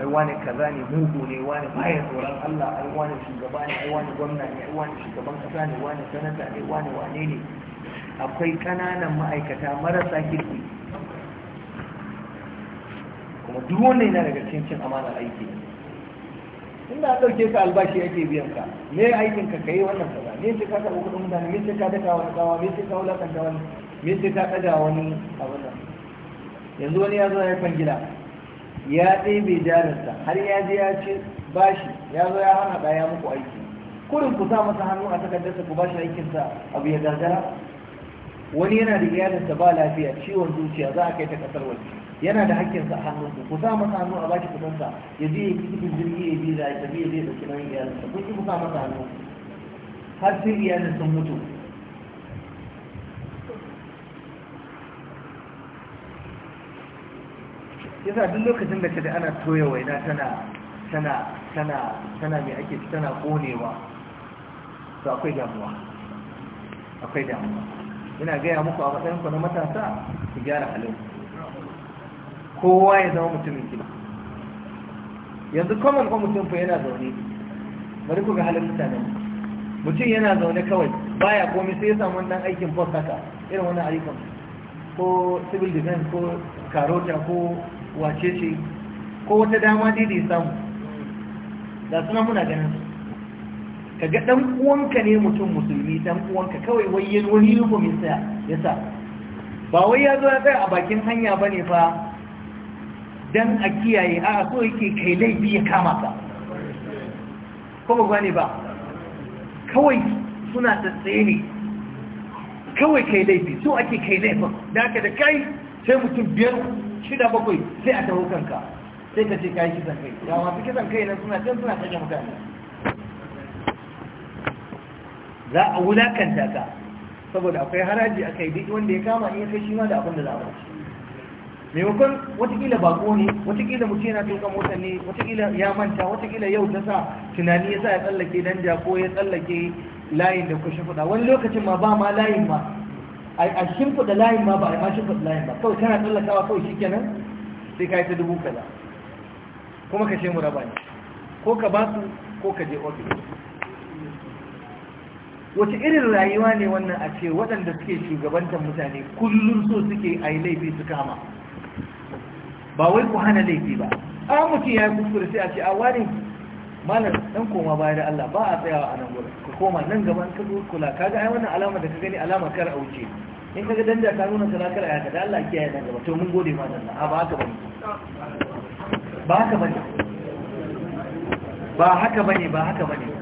ai wani kaza ne mugu ne wani baya tsoron Allah ai wani shugaba ne ai wani gwamna ne ai wani shugaban kasa ne wani sanata ne wani wane ne akwai kananan ma'aikata marasa kirki kuma duk wanda yana daga cikin cin aiki aiki ina ɗauke ka albashi ake biyan ka me aikin ka kai wannan kaza me sai ka karɓi kuɗin mutane me sai ka daka wani kawa me sai ka da wani me sai ka ɗaga wani abu. nan yanzu wani ya zo ya kan gida ya ɗebe jarinsa har ya je ya ce bashi ya zo ya hana ɗaya muku aiki kurin ku sa masa hannu a takardarsa ku bashi aikinsa abu ya gargara? wani yana da iyalinsa ba lafiya ciwon zuciya za a kai ta ƙasar waje yana da hakkin sa a hannunsa ku sa masa hannu a baki sa ya je cikin jirgi ya bi da tafi ya je da kiran sa kun ki ku sa masa hannu har sai iyalin sun mutu yasa duk lokacin da kaji ana toya waina tana tana tana tana mai ake tana konewa to akwai damuwa akwai damuwa ina gaya muku a matsayin ku na matasa ku gyara halin. kowa ya zama mutumin gida yanzu common kwa mutum fa yana zaune bari ku ga halin mutanen mutum yana zaune kawai baya komai sai ya samu wannan aikin post haka irin wannan ayyukan ko civil defense ko karota ko wace ce ko wata dama dai da ya samu da suna muna ganin su ka ga ɗan uwanka ne mutum musulmi dan uwanka kawai wayyan wani saya ya sa ba wai ya zo ya tsaya a bakin hanya ba ne fa dan a kiyaye a so yake kai laifi ya kama ka ko ba gane ba kawai suna tsatsaye ne kawai kai laifi so ake kai laifin da aka da kai sai mutum biyar shida bakwai sai a taho kanka sai ka ce kayi kisan kai ya masu kisan kai nan suna can suna kashe mutane za a wulakanta ka saboda akwai haraji a kai duk wanda ya kama in ya kai shi ma da abin da za a wuce maimakon watakila bako ne watakila mutu yana tuka mota ne watakila ya manta watakila yau ta sa tunani ya sa ya tsallake danja ko ya tsallake layin da ku fuda wani lokacin ma ba ma layin ba a fuda layin ma ba a ma fuda layin ba kawai kana tsallakawa kawai shi kenan sai ka yi ta dubu kaza kuma ka ce mu raba ne ko ka ba su ko ka je ofis wace irin rayuwa ne wannan a ce waɗanda suke shugabantar mutane kullum so suke a yi laifi su kama ba wai ku hana laifi ba a mutum ya yi kuskure sai a ce a wani malar ɗan koma baya da Allah ba a tsayawa a nan gurin ka koma nan gaban ka zo kula ka ga ai wannan alama da ka gani alama kar a wuce in ka ga danja ka nuna ka kar a da Allah kiyaye nan gaba to mun gode ma nan a ba haka ba haka bane ba haka bane ba haka bane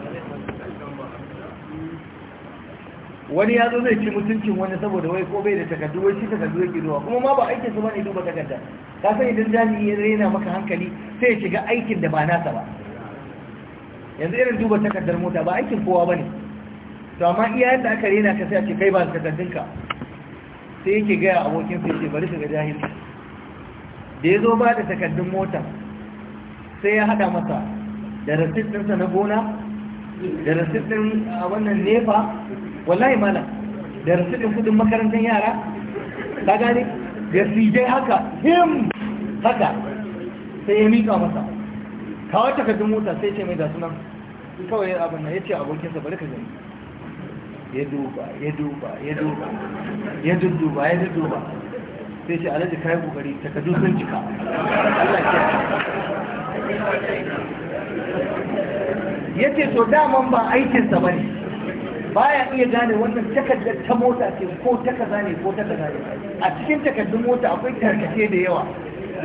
wani ya zo zai ci mutuncin wani saboda wai ko bai da takardu wai shi takardu yake zuwa kuma ma ba aikin su bane duba takarda ka san idan jami'i ya rena maka hankali sai ya shiga aikin da ba nasa ba yanzu irin duba takardar mota ba aikin kowa bane to amma iya yadda aka rena ka sai a ce kai ba ka sai yake gaya abokin sai ce bari su ga jahili da ya zo ba da takardun mota sai ya hada masa da rasit na gona da rasit a wannan nefa wallahi mana da rasidin kudin makarantar yara ta gani da sijai haka him haka sai ya mika masa kawo takardun mota sai ce mai da sunan kawai abin na ya ce abokinsa bari ka gani ya duba ya duba ya duba ya dudduba ya dudduba sai ce alaji kayan kokari takardu sun cika Allah ya ce so daman ba aikinsa ba ne baya iya gane wannan takardar ta mota ce ko ta kaza ne ko ta kaza ne a cikin takardun mota akwai tarkace da yawa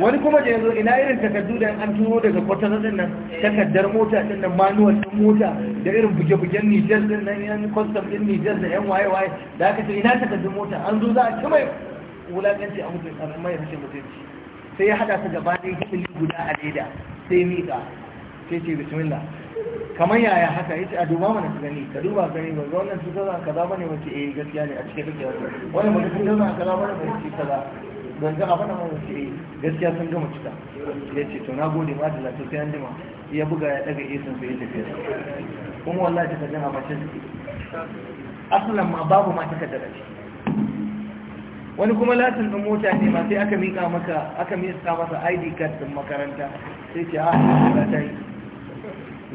wani kuma da yanzu ina irin takardu da an turo daga kwatanar na nan takardar mota din nan manuwar din mota da irin buge-bugen Nijar din nan yan custom din Nijar da yan waye-waye da aka ce ina takardun mota an zo za a ci mai wulakanci a mutum a mai rashin mutunci sai ya hada su gaba ɗaya guda a leda sai miƙa sai ce bismillah kamar yaya haka yace a duba mana ka gani ka duba gani ba wannan cutar za kaza bane wace eh gaskiya ne a cikin kake wasu wannan mutum cutar za kaza bane ba shi kaza ban ga abin da mun ce eh, gaskiya sun gama cika ya ce to na gode ma da lafiya sai an ya buga ya daga isin sai ya tafi kuma wallahi ta kaje a mace asalan ma babu ma takarda da shi wani kuma latin din mota ne ma sai aka mika maka aka mika masa ID card din makaranta sai ce a ah, ga ta yi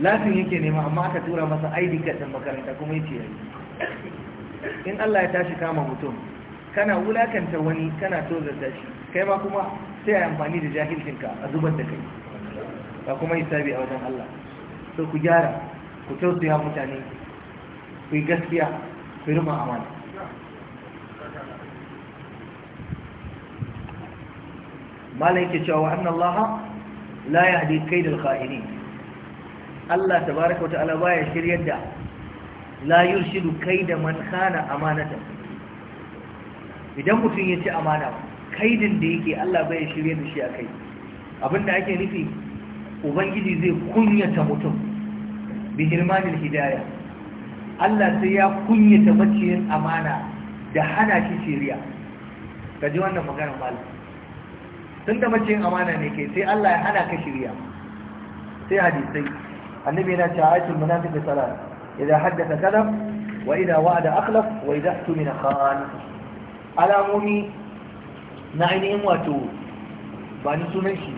lafin yake nema amma aka tura masa aidi kaɗan makaranta kuma yake yari in Allah ya tashi kama mutum kana wulakanta wani kana tozarta shi kai ma kuma sai a amfani da jahilcinka a zubar da kai ba kuma hisabi a wajen Allah so ku gyara ku tausaya mutane ku yi gaskiya ku yi amana malam yake cewa annan Allah la yahdi kaidal kha'inin Allah tabaraka wa ta'ala baya shiryar da la yurshidu kaida man khana amanatan idan mutum ya ci amana kaidin da yake Allah bai shirya da shi a kai, abinda ake nufi ubangiji zai kunyata mutum bi hirmanil hidaya Allah sai ya kunyata maciyin amana da hana shi shiriya ka ji wannan magana mal tun da maciyin amana ne ke sai Allah ya hana ka shiriya sai hadisai annabi yana cewa ayatul munafiqi salat idan haddatha kadab wa idan wa'ada akhlaf wa idan ihtumina khan alamomi na ainihin wato ba ni sunan shi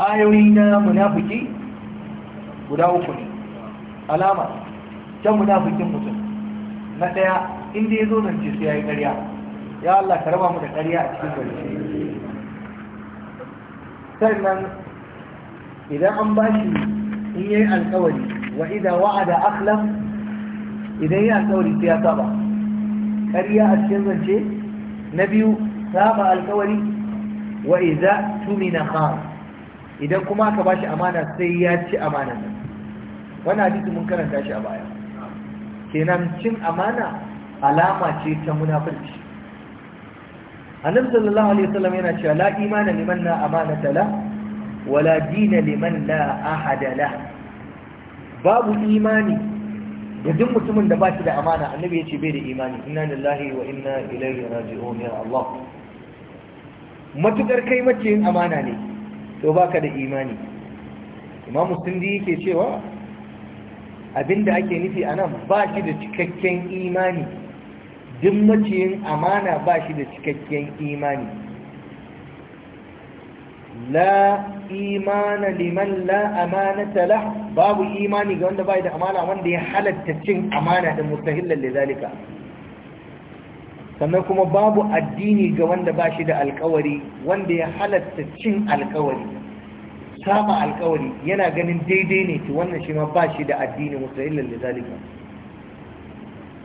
ayoyi na guda uku ne alama ta munafikin mutum na ɗaya inda ya zo zance sai ya yi ƙarya ya ka raba mu da ƙarya a cikin zance sannan idan an ba bashi in yi alkawari wa idza wa'ada akhlaf idan yayi alkawari sai ya saba ƙarya a cikin zance na biyu saba alkawari wa idza tumina khar idan kuma aka ba shi amana sai ya ci amana wannan hadisi mun karanta shi a baya kenan cin amana alama ce ta munafurci annabi sallallahu alaihi wasallam yana cewa la imana liman na amanata la wala dina liman la ahada la babu imani da duk mutumin da ba shi da amana annabi ya ce bai da imani inna lillahi wa inna ilaihi raji'un ya Allah matukar kai yin amana ne to baka da imani imam musindi yake cewa abinda ake nufi anan ba shi da cikakken imani duk yin amana ba shi da cikakken imani la imana liman la amanata lah babu imani ga wanda bai da amana wanda ya halatta cin amana da mustahillan lidalika sannan kuma babu addini ga wanda ba shi da alkawari wanda ya halatta cin alkawari saba alkawari yana ganin daidai ne ki wannan shi ba shi da addini mustahillan lidalika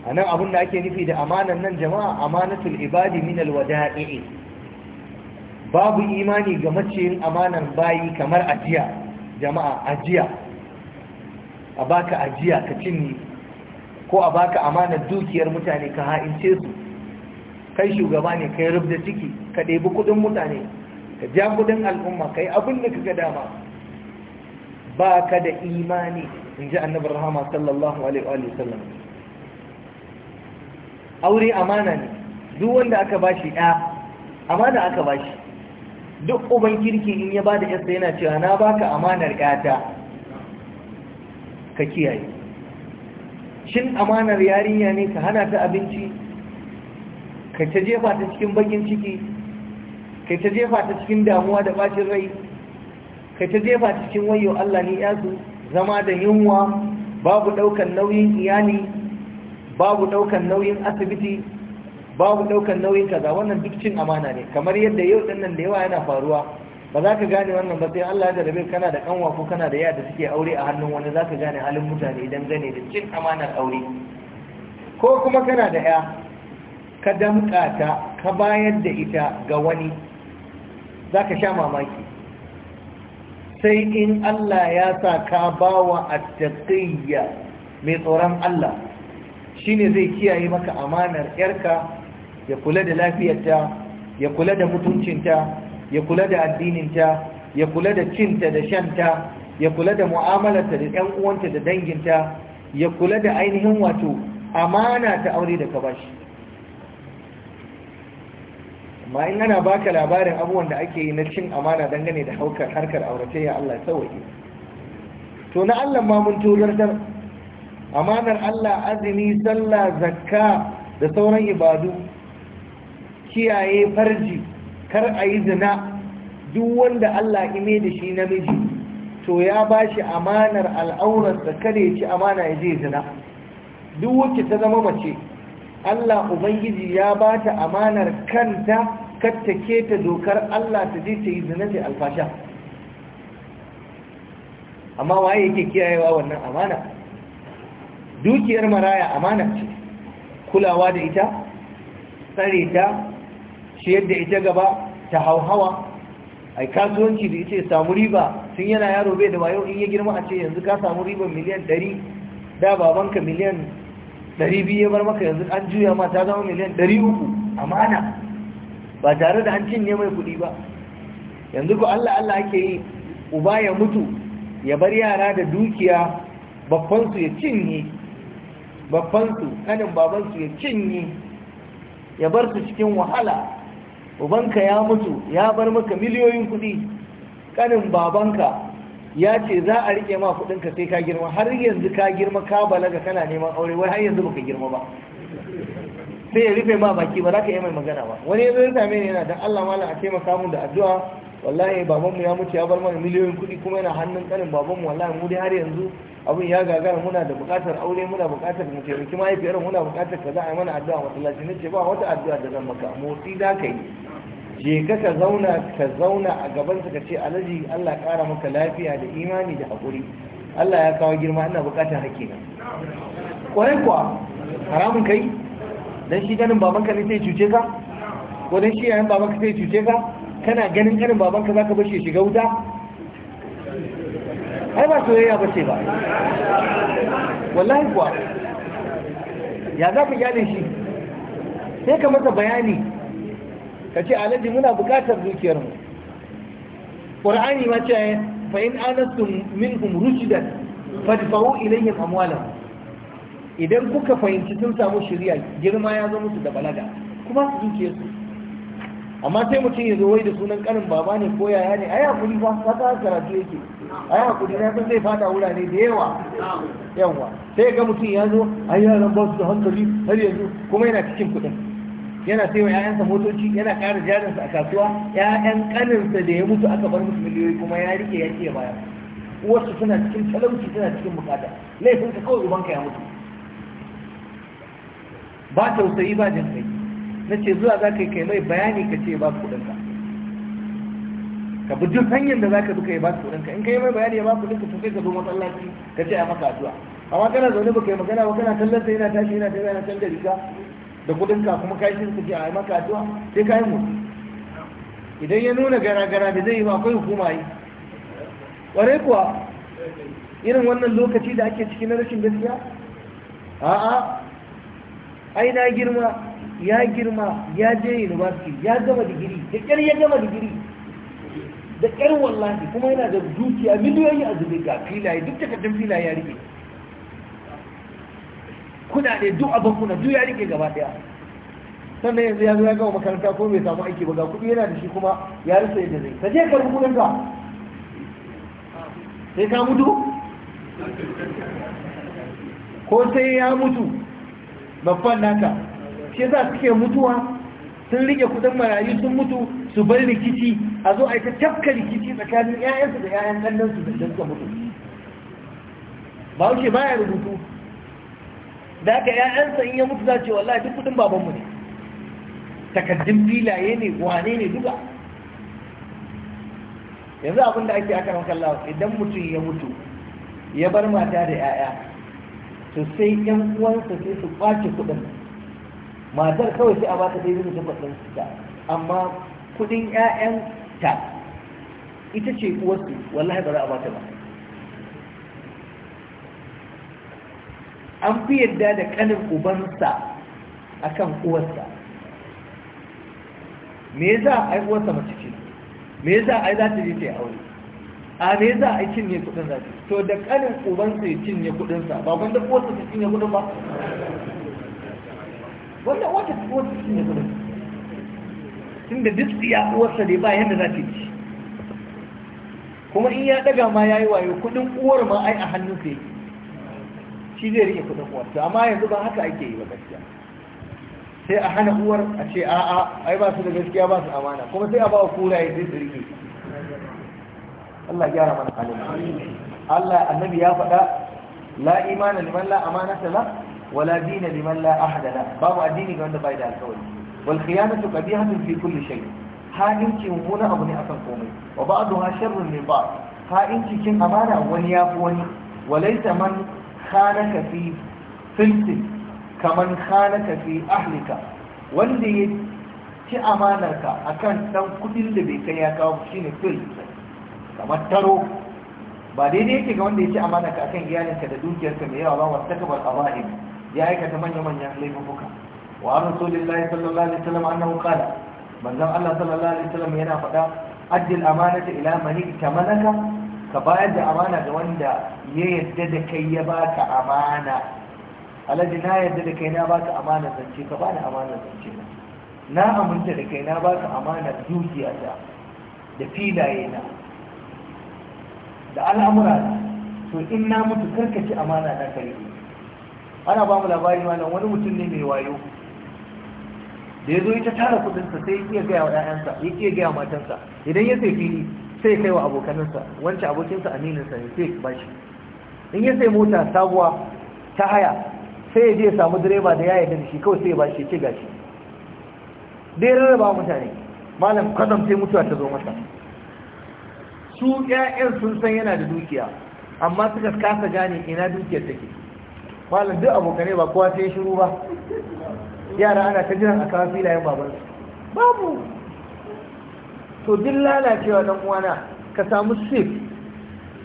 anan abin da ake nufi da amanar nan jama'a amanatul ibadi min alwada'i babu imani ga maciyin amanan bayi kamar ajiya jama'a ajiya a baka ajiya ka cinye ko a baka amanar dukiyar mutane ka ha'ince su kai shugaba ne kai rubda ciki ka ɗebi kudin mutane ka ja kudin al'umma ka yi abin da kaga dama ba ka da imani in ji annabar rahama sallallahu alaihi wa sallam aure amana ne duk wanda aka bashi ɗaya amana aka bashi duk uban kirki in ya bada yasa yana cewa na baka amanar yata ka kiyaye shin amanar yarinya ne ka hana ta abinci ka ta jefa ta cikin bakin ciki ka ta jefa ta cikin damuwa da bacin rai ka ta jefa ta cikin wayo Allah ni yasu zama da yunwa babu daukan nauyin iyali babu daukan nauyin asibiti ba mu ɗaukar nauyin kaza wannan duk cin amana ne kamar yadda yau din nan da yawa yana faruwa ba za ka gane wannan ba sai Allah ya jarabe kana da kanwa ko kana da yadda suke aure a hannun wani za ka gane halin mutane idan gane da cin amanar aure ko kuma kana da ya ka damƙa ta ka bayar da ita ga wani za ka sha mamaki sai in Allah ya sa ka ba wa attaqiyya mai tsoron Allah shine zai kiyaye maka amanar yarka ya kula da lafiyarta ya kula da mutuncinta ya kula da addininta ya kula da cinta da shanta ya kula da mu'amalarta da ƴan uwanta da danginta ya kula da ainihin wato amana ta aure da ka bashi amma in ana baka labarin abubuwan da ake yi na cin amana dangane da haukar harkar ya Allah sauke to na Allah ma mun da amanar Allah azumi sallah zakka da sauran ibadu kiyaye farji kar a yi zina duk wanda Allah ime da shi namiji to ya ba shi amanar da kada ya ci amana ya je zina duk wacce ta zama mace Allah Ubangiji ya ba ta amanar kanta katta keta dokar Allah ta je ta yi zina da alfasha amma waye yake kiyayewa wannan amana dukiyar maraya amana ce kulawa da ita tsare ta shi yadda ita gaba ta hauhawa ai kasuwanci da ita ya samu riba Sun yana yaro bai da wayo in yi girma a ce yanzu ka samu riban miliyan 100 da babanka miliyan 200 ya bar maka yanzu an juya ma ta zama miliyan 300 amana ba tare da an cinye mai kuɗi ba yanzu ko Allah Allah ake yi uba ya mutu ya bar yara da dukiya babbansu ya cinye babbansu kanin babansu ya cinye ya bar su cikin wahala ubanka ya mutu ya bar maka miliyoyin kuɗi kanin babanka ya ce za a rike ma ka sai ka girma har yanzu ka girma ka balaga kana neman aure wai har yanzu baka girma ba sai ya rufe ma baki ba za ka yi mai magana ba wani yanzu ya same ni yana dan Allah mala a taimaka mun da addu'a wallahi babanmu ya mutu ya bar mana miliyoyin kuɗi kuma yana hannun kanin babanmu wallahi mu dai har yanzu abin ya gagara muna da buƙatar aure muna buƙatar mu taimaki mahaifiyar muna buƙatar za a mana addu'a masallaci ne ce ba wata addu'a da zan maka motsi za ka je ka ka zauna ka zauna a gaban ka ce alaji Allah kara maka lafiya da imani da hakuri Allah ya kawo girma ina bukatar hakina kwarai kuwa haramun kai dan shi ganin babanka ne sai cuce ka ko dan shi yayin babanka sai cuce ka kana ganin ganin babanka zaka bar shi shiga wuta ai ba soyayya ba ce ba wallahi kuwa ya zaka gyale shi sai ka masa bayani ka ce alaji muna bukatar dukiyar mu qur'ani ma ce fa in anastum minhum rushdan fadfa'u ilayhim amwalahum idan kuka fahimci sun samu shari'a girma ya zo musu da balaga kuma su dukiyar su amma sai mutum ya zo wai da sunan karin baba ne ko yaya ne ai hakuri fa ka karatu yake ai hakuri na san zai fada wurare da yawa yawa sai ga mutum ya zo ai yaran ba su da hankali har yanzu kuma yana cikin kuɗin yana sai wa 'ya'yansa motoci yana ƙara jarinsa a kasuwa 'ya'yan ƙaninsa da ya mutu aka bar musu miliyoyi kuma ya rike ya ke baya uwarsu suna cikin talauci suna cikin bukata laifin ka kawai ubanka ya mutu ba tausayi ba jin kai na ce zuwa za ka yi kai mai bayani ka ce ba kuɗinka ka bi duk hanyar da za ka bi ka yi ba ka in ka yi mai bayani ya ba ka to kai ka zo masallaci ka ce a maka addu'a amma kana zaune ba kai magana ba kana kallon sai yana tashi yana tafiya yana canza riga da kudin ka kuma kai suke a maka addu'a sai kai mu idan ya nuna gara gara da zai yi akwai hukuma yi ware kuwa irin wannan lokaci da ake cikin na rashin gaskiya a'a ai na girma ya girma ya je university ya gama digiri da kyar ya gama digiri da kyar wallahi kuma yana da dukiya miliyoyi a zube ga filaye duk takardun filaye ya rike kuna ne duk abin kuna duk ya rike gaba daya sannan yanzu ya zo ya gama makaranta ko bai samu aiki ba ga kuɗi yana da shi kuma ya rasa yadda zai ka je ka kuɗin ka sai ka mutu ko sai ya mutu babban naka shi yasa suke mutuwa sun rike kudin marayu sun mutu su bar rikici a zo a yi ta tafka rikici tsakanin 'ya'yansu da 'ya'yan ƙannansu da suka mutu ba wuce baya rubutu da ka ‘ya'yansa in ya mutu za ce wallahi duk kudin babanmu ne takaddun filaye ne wane ne duka yanzu abin da ake aka makalla idan mutum ya mutu ya bar mata da ‘ya'ya to sai ‘yan uwansa sai su kwace kudin matar kawai sai a ba ta daidai da kudin ta amma kudin ‘ya'yan ta ita ce uwarsu wallahi ba za a ba ta ba an fi yadda da kanin ubansa a kan uwarsa me za a yi uwarsa mace ce me a yi za ta je ta aure a me za a yi cinye kudin za ta to da kanin ubansa ya cinye kudin sa ba wanda uwarsa ta cinye kudin ba wanda uwarsa ta cinye kudin da duk ya uwarsa dai ba yadda za ta yi kuma in ya daga ma ya yi wayo kudin uwar ma ai a hannun sai. shi zai rike kudin uwar to amma yanzu ba haka ake yi ba gaskiya sai a hana uwar a ce a'a ai ba su da gaskiya ba su amana kuma sai a ba wa ya sai su rike Allah gyara mana halin Allah annabi ya faɗa la imana liman la ta la wala dina liman la ahada la babu addini ga wanda bai da alƙawari wal khiyanatu qabihatun fi kulli shay ha'inci mummuna abu ne akan komai wa ba'daha sharrun min ba'd ha'inci kin amana wani yafi wani walaysa man khanaka fi filti kaman khanaka fi ahlika wanda ya ci amanarka a kan ɗan kudin da bai kai ya kawo shi ne fil kamar taro ba daidai yake ga wanda ya ci amanarka a kan iyalinka da dukiyarka mai yawa ba wata kabar abahim ya aikata manya-manyan laifuka wa an rasulillahi sallallahu alaihi wasallam annahu qala manzon Allah sallallahu alaihi wasallam yana faɗa addil amanata ila man itamanaka ka bayar da amana ga wanda ya yadda da kai ya baka amana alhaji na yadda da kai na baka amana zance ka bani amana zance na na aminta da kai na baka amana dukiya ta da filaye na da al'amura to in na mutu karkace amana na kare ana ba mu labari nan wani mutum ne mai wayo da ya zo ya ta tara kudinsa sai ya iya gaya wa 'ya'yansa ya iya gaya matansa idan ya sai fili sai kai wa abokaninsa, wance abokinsa amininsa ne sai ba shi in ya sai mota sabuwa ta haya sai ya je ya samu direba da ya yi da shi kawai sai ya ba shi ce gashi dai rarraba mutane malam kwadam sai mutuwa ta zo masa su ƴaƴan sun san yana da dukiya amma suka kasa gane ina dukiyar take malam duk abokanai ba kowa sai shiru ba yara ana ta jiran a kawo filayen babansu babu to duk lalacewa dan uwana ka samu sif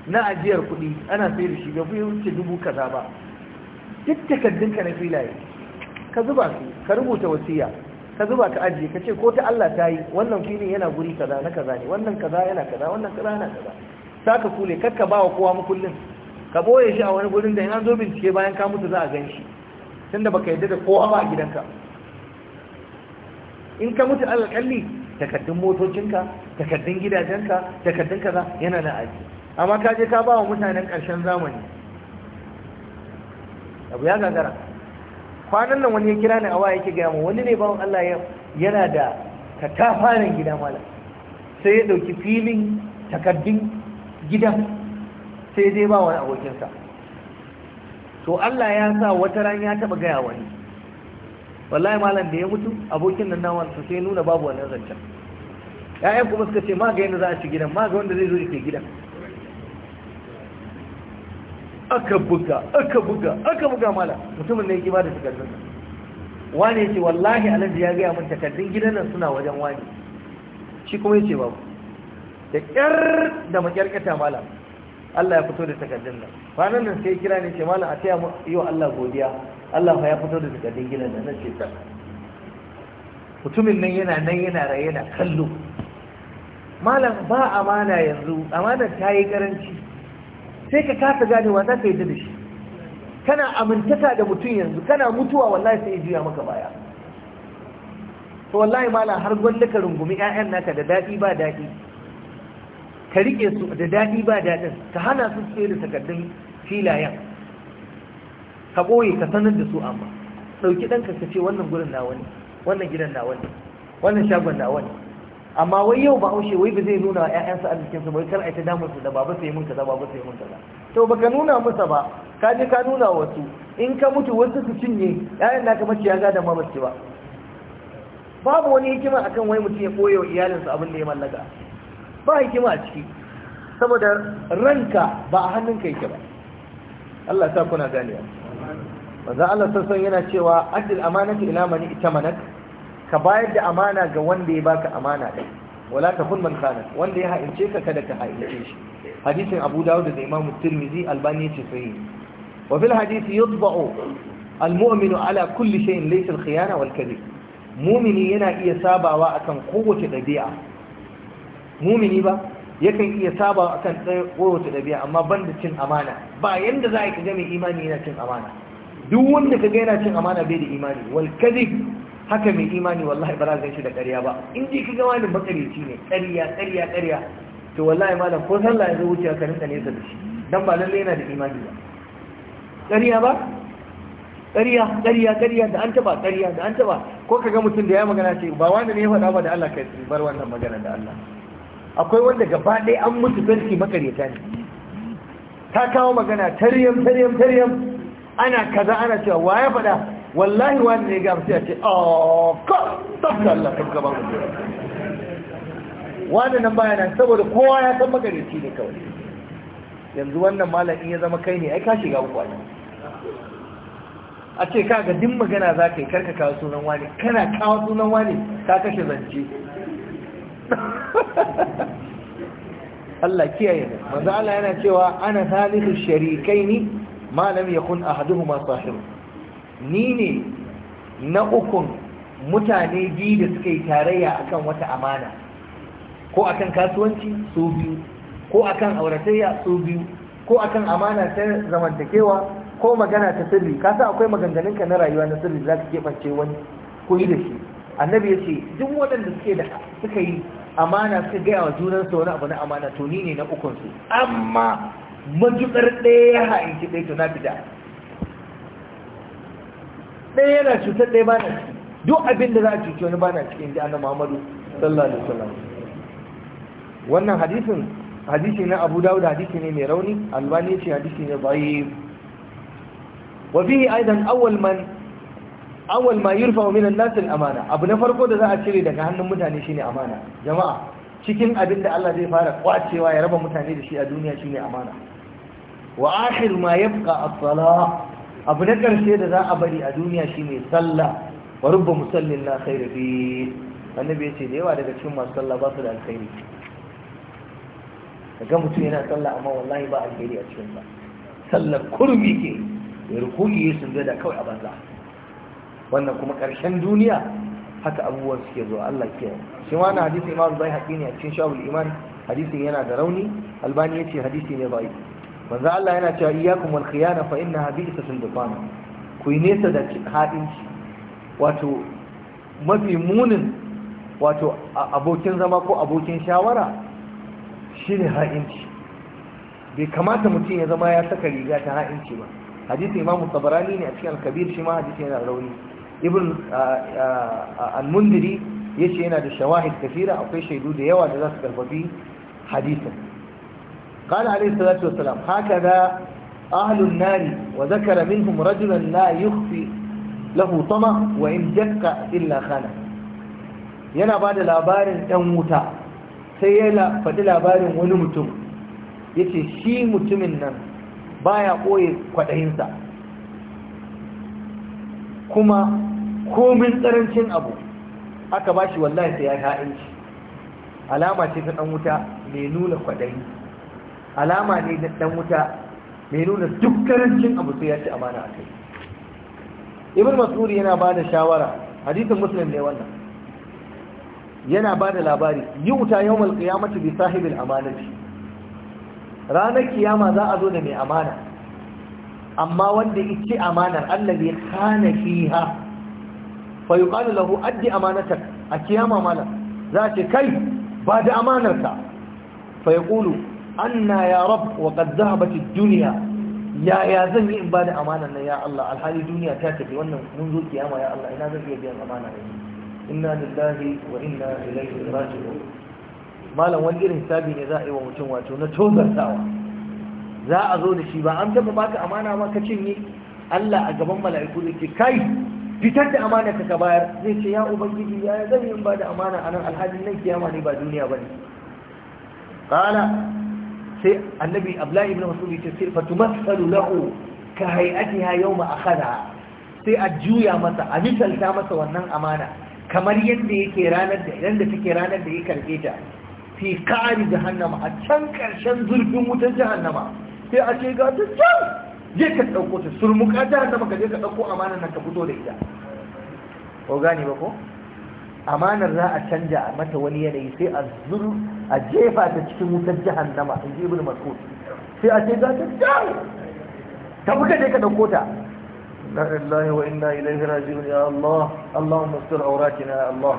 na ajiyar kuɗi ana sai da shi ga fi wuce dubu kaza ba duk ka na filaye ka zuba su ka rubuta wasiya ka zuba ka ajiye ka ce ko ta Allah ta yi wannan filin yana guri kaza na kaza ne wannan kaza yana kaza wannan kaza yana kaza ka kule ka ba wa kowa makullin ka boye shi a wani gurin da yanzu, zo bincike bayan ka mutu za a gan shi tunda baka yadda da kowa ba a gidanka in ka mutu alƙalli takaddun motocinka takaddun gidajenka takaddun kaza yana da aji amma ka je ka ba wa mutanen ƙarshen zamani abu ya gagara kwanan nan wani ya kira ni a waya yake gaya mun wani ne bawan Allah yana da katafaren gida malam sai ya ɗauki filin takardun gidan sai dai ba wani abokinsa to Allah ya sa wata ran ya taba gaya wani wallahi malam da ya mutu abokin nan nawa su sai nuna babu wannan zancen ƴaƴan kuma suka ce ma ga za a ci gidan ma ga wanda zai zo ya ke gidan aka buga aka buga aka buga malam mutumin ne ya kiba da takardun nan wani ce wallahi alhaji ya gaya min takardun gidan nan suna wajen wani shi kuma ya ce babu da ƙyar da makyarkata malam Allah ya fito da takardun nan ranar nan sai kira ne ce malam a taya yi wa Allah godiya Allah ya fito da daga gidan da na ce ta mutumin nan yana nan yana raye yana kallo malam ba amana yanzu amana ta yi karanci sai ka kasa ganewa za ka yi da shi kana amintaka da mutum yanzu kana mutuwa wallahi sai juya maka baya to wallahi malam har gwanda ka rungumi ƴaƴan naka da daɗi ba daɗi ka riƙe su da daɗi ba daɗin ka hana su yi da takardun filayen ka ɓoye ka sanar da su amma dauki ɗanka ka ce wannan gurin na wani wannan gidan na wani wannan shagon na wani amma wai yau ba aushe wai ba zai nuna wa ƴaƴansa su bai kar aita damar su da baba sai mun kaza baba sai mun kaza to baka nuna musa ba ka je ka nuna wasu in ka mutu wasu su cinye ƴaƴan naka mace ya gada ma bace ba babu wani hikima akan wai mutum ya koyo iyalin su abin da ya mallaka ba hikima a ciki saboda ranka ba a hannunka yake ba Allah ya sa kuna ganewa manzo Allah sassan yana cewa addil amanati ila mani itamanak ka bayar da amana ga wanda ya baka amana din wala takun man kana wanda ya haince ka kada ka haince shi hadisin Abu Dawud da Imam Tirmidhi Albani ce sai wa fil hadith yutba'u almu'minu ala kulli shay'in laysa al-khiyana wal kadhib mumini yana iya sabawa akan kowace dabi'a mumini ba yakan iya sabawa akan kowace dabi'a amma banda cin amana ba yanda za ka ga mai imani yana cin amana duk wanda ka yana cin amana bai da imani wal kadhib haka mai imani wallahi ba za shi da ƙarya ba in ji ga wani makareci ne ƙarya ƙarya ƙarya to wallahi malam ko sallah ya zo wuce ka rinka nesa da shi dan ba lalle yana da imani ba ƙarya ba ƙarya ƙarya ƙarya da an taba ƙarya da an taba ko ka ga mutum da ya magana ce ba wanda ne ya faɗa ba da Allah kai bar wannan magana da Allah akwai wanda gaba ɗaya an mutu zarki makareta ne ta kawo magana taryam taryam taryam ana kaza ana cewa wa ya faɗa wallahi wani ne ga sai a ce oh ka tabbata Allah ka ba mu wani nan baya nan saboda kowa ya san magariti ne kawai yanzu wannan malamin ya zama kai ne ai ka shiga uku a ce ka ga din magana za ka yi karka kawo sunan wani kana kawo sunan wani ka kashe zance Allah kiyaye ne manzo Allah yana cewa ana thalithu sharikaini ma lam yakun ahaduhuma sahib ni ne na ukun mutane biyu da suka yi tarayya akan wata amana ko akan kasuwanci su biyu ko akan auratayya su biyu ko akan amana ta zamantakewa ko magana ta sirri Ka kasa akwai maganganunka na rayuwa na sirri za ka keɓance wani ko yi da shi annabi ya ce duk waɗanda suke da suka yi amana suka gaya wa junansu wani abu na amana to ni ne na ukunsu amma matuƙar ɗaya ya ha'inci ɗaya to na fita ɗaya yana cutar ɗaya ba na ciki duk abin da za a cuci wani ba na cikin ji annabi muhammadu sallallahu alaihi wasallam wannan hadisin hadisi na abu dawud hadisi ne mai rauni albani ce hadisi ne da'if wa fihi aidan awwal man awwal ma yurfa min an-nas al-amana abu na farko da za a cire daga hannun mutane shine amana jama'a cikin abin da Allah zai fara kwacewa ya raba mutane da shi a duniya shine amana wa akhir ma yabqa as-salah abu da karshe da za a bari a duniya shine sallah wa rubba musallin la khairu fi annabi yace da yawa daga cikin masu sallah ba su da alkhairi kaga mutum yana sallah amma wallahi ba alkhairi a cikin ba sallar kurmi ke ya ruku'i ya sunje da kawai a banza wannan kuma karshen duniya haka abubuwan suke zuwa Allah ke shi na hadisi imam bai haƙi ne a cikin shawul iman hadisin yana da rauni albani ya ce hadisi ne bai manzo Allah yana cewa iyyakum wal khiyana fa innaha bi'satul butana ku yi nesa da haɗinci wato mafi munin wato abokin zama ko abokin shawara shine ha'inci bai kamata mutum ya zama ya saka riga ta ha'inci ba hadisi imam tabarani ne a cikin al-kabir shi ma hadisi yana rauni ibn al-mundiri yace yana da shawahid kafira akwai shaidu da yawa da za su karfafi hadisin قال عليه الصلاة والسلام هكذا أهل النار وذكر منهم رجلا لا يخفي له طمع وإن جك إلا خانه yana ba da labarin ɗan wuta sai ya faɗi labarin wani mutum ya ce shi mutumin nan baya ƙoye kwaɗayinsa kuma komin tsarancin abu aka bashi shi wallahi sai ya alama ce ta ɗan wuta mai nuna kwaɗayi alama ne da dan wuta mai nuna duk cin abu sai ya ci amana a kai ibn mas'ud yana ba da shawara hadisin muslim ne wannan yana ba da labari yi wuta yawmal qiyamati bi sahibil amanati ranar kiyama za a zo da mai amana amma wanda yake amanar Allah ne kana fiha fa yuqalu lahu addi amanatak a kiyama mala za ce kai ba da amanarka fa yaqulu anna ya rab wa qad zahabat ad-dunya ya ya zan yi in ba da amana nan ya Allah alhali duniya ta tafi wannan mun zo kiyama ya Allah ina zan iya biyan amana ne inna lillahi wa inna ilaihi raji'un malam wani irin sabi ne za a yi wa mutum wato na tozartawa za a zo da shi ba an taba baka amana ma ka cinye Allah a gaban mala'iku da ke kai fitar da amana ka bayar zai ce ya ubangiji ya zan yi in ba da amana a nan alhalin nan kiyama ne ba duniya bane qala sai annabi abdullahi ibn mas'ud yace sai fatumathalu lahu ka hay'atiha ma akhadha sai a juya masa a misalta masa wannan amana kamar yadda yake ranar da idan da take ranar da ya karbe ta fi kari jahannama a can karshen zurfin wutar jahannama sai a ce ga ta can je ka dauko ta surmuka jahannama ka je ka dauko amana nan ka fito da ita ko gane ba ko amanar za a canja a mata wani yanayi sai a zuru a jefa ta cikin wutar jahannama in ji ibn mas'ud sai a ce za ta dawo ta buka je ka dauko ta inna lillahi wa inna ilaihi raji'un ya Allah Allahumma astur awratina ya Allah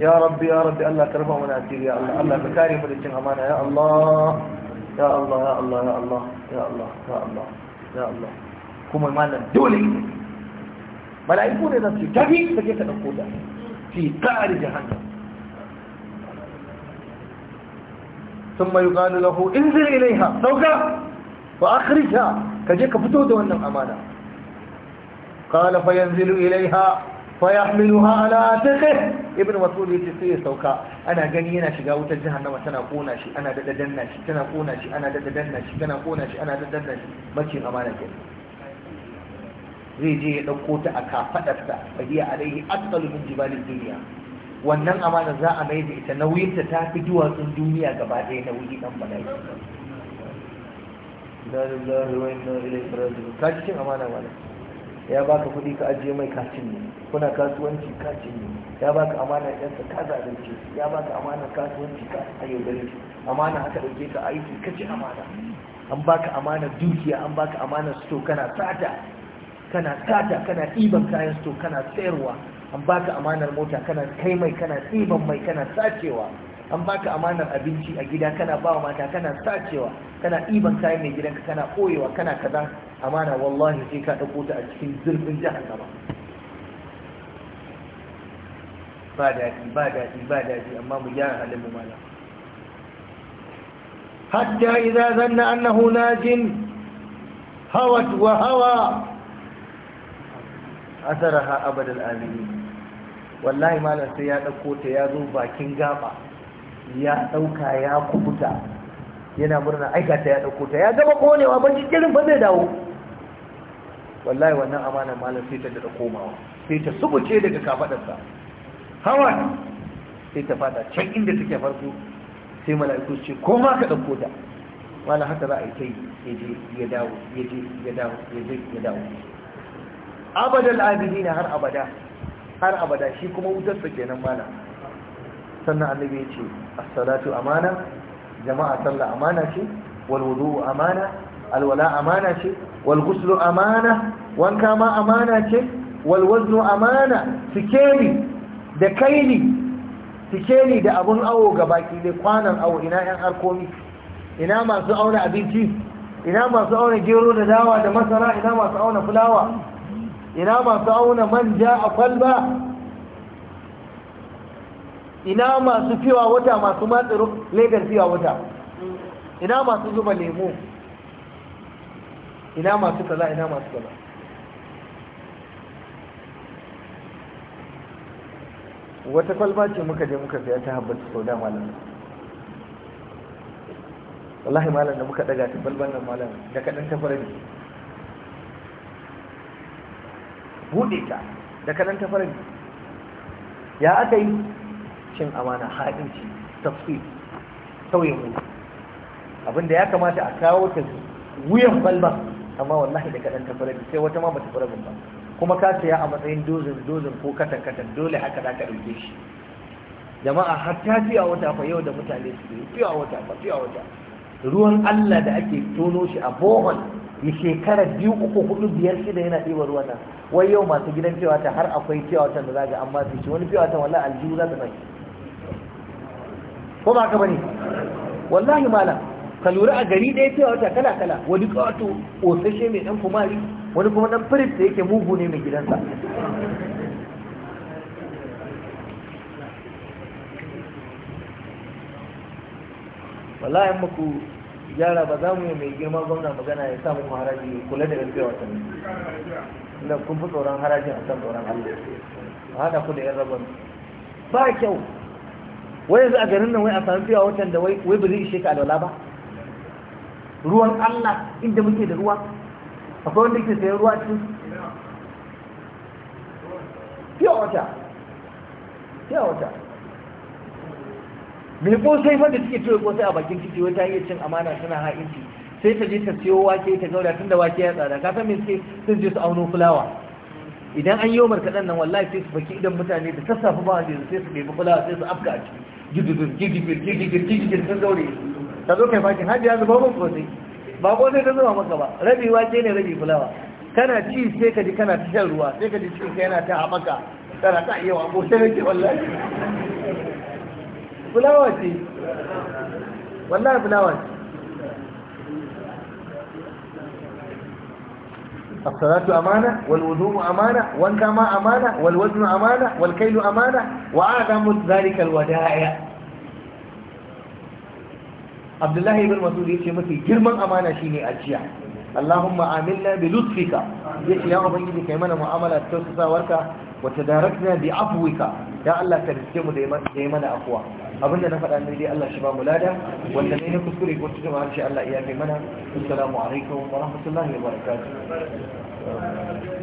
ya rabbi ya rabbi Allah karfa mana asiri ya Allah Allah ka kare mu da cin amana ya Allah ya Allah ya Allah ya Allah ya Allah ya Allah ya Allah kuma malam dole mala'iku ne za su tafi ka je ka dauko ta في قعر جهنم ثم يقال له انزل إليها سوكا وأخرجها كجيك فتود yanzu أمانا قال فينزل إليها فيحملها على عاتقه ابن مسعود yace sai ya sauka ana gani yana shiga wutar jahannama tana kona shi ana dada danna shi tana kona shi ana dada danna shi tana kona shi ana dada shi amana kenan zai je ya ɗauko ta a kafaɗarsa fa hiya alaihi asqalu min jibalin duniya. wannan amana za a mai da ita nauyin ta fi duwatsun duniya gaba ɗaya nauyi ɗan bala'i ka ci cin amana mana? ya baka kuɗi ka ajiye mai kacin ne kuna kasuwanci kacin ne ya baka amana ɗan ka zalunce ya baka amana kasuwanci ka ayyau da shi amana aka ɗauke ka aiki ka ci amana an baka amana dukiya an baka amana sto kana sata kana tata, kana ɗiban kayan sto kana sayarwa an baka amanar mota kana kai mai kana ɗiban mai kana sacewa an baka amanar abinci a gida kana ba wa mata kana sacewa kana ɗiban kayan mai gidanka kana koyewa kana kaza amana wallahi sai ka ɗauko ta a cikin zurfin jahannama ba daɗi ba daɗi ba daɗi amma mu gyara halin mu malam حتى annahu na jin hawat هوت Hawa. asaraha abadal amini wallahi malam sai ya ɗauko ta ya zo bakin gaba ya ɗauka ya kubuta yana murna aikata ya ɗauko ta ya gaba konewa ban jirgin ba zai dawo wallahi wannan amana malam sai ta daɗa komawa sai ta subuce daga kafaɗarsa hawa sai ta fada can inda take farko sai mala'iku ce ko ma ka ɗauko ta malam haka za a yi kai yi ya je ya dawo ya je ya dawo ya je ya dawo abadal abidina har abada har abada shi kuma wutarsa kenan mana sannan annabi ya ce as-salatu amana jama'a sallah amana ce wal wudu amana alwala amana ce wal ghuslu amana wanka ma amana ce wal waznu amana sikeli da kaili sikeli da abun awo ga baki dai kwanan awo ina yan harkomi ina masu auna abinci ina masu auna gero da dawa da masara ina masu auna fulawa ina masu auna manja a kwalba ina masu fiwa wata masu matsiru legar fiwa wata ina masu zuba lemu ina masu kaza ina masu kaza wata kwalba ce muka je muka siya ta habbata sau da malam wallahi malam da muka daga ta kwalban nan malam da kaɗan ta fara ne buɗe ta da kanan ta farin ya aka yi cin amana haɗinci tafsir sauyin mu abinda ya kamata a kawo ta wuyan balba amma wallahi da kanan ta farin sai wata ma bata farin ba kuma ka saya a matsayin dozin dozin ko katan katan dole haka za ka ɗauke shi jama'a har ta fiya wata fa yau da mutane su fiya wata fa fiya wata ruwan Allah da ake tono shi a bohol ya shekara biyu uku hudu biyar shida yana ɗiba ruwan wai yau masu gidan cewa ta har akwai cewa ta da ga amma su shi wani cewa ta wallahi aljihu za ta mai ko ba ka bane wallahi mala ka lura a gari ɗaya cewa ta kala kala wani kawato ƙosashe mai ɗan kumari wani kuma ɗan firist da yake mugu ne mai gidansa wallahi muku gyara ba za mu yi mai girma gwamna magana ya samu mu haraji kula da wata ne na kun fi tsoron harajin a kan tsoron Allah a haɗa ku da yan rabon ba kyau wai yanzu a garin nan wai a sami fiya watan da wai ba zai ishe ka alwala ba ruwan Allah inda muke da ruwa akwai wanda ke sayan ruwa cikin fiya wata fiya wata mai kosai fa da suke ko sai a bakin ciki wata yi cin amana tana ha'inci sai ta je ta siyo wake ta gauda tunda wake ya tsada ka san me suke sun je su auno fulawa idan an yi omar kaɗan nan wallahi sai su baki idan mutane da sassafe ba wanda sai su ɗebi fulawa sai su afka a ciki gidigir gidigir gidigir gidigir sun zaure ta zo kai fakin hajji ya zuba mun kosai ba kosai ta zuba maka ba rabi wake ne rabi fulawa kana ci sai ka ji kana ta shan ruwa sai ka ji cikin kai yana ta haɓaka tana ta iya wa kosai ke wallahi fulawa ce wallahi fulawa ce Asalatu amana, walwuzumu amana, wanda ma amana, walwuzumu amana, walkailu amana, wa adamu zarikal wada'a. Abdullahi ibn Masudi ya ce mafi girman amana shi ne ajiya. Allahumma amilna bi Zai Ya ce, ya Ubangiji kai mana mu'amala ta tausasawarka wata darakna bi afwika ya Allah ka riske mu da yi mana afuwa abinda na faɗa ne dai Allah shi ba mu lada wanda ne na kuskure ko cikin harshe Allah iya kai mana assalamu alaikum wa rahmatullahi wa barakatuh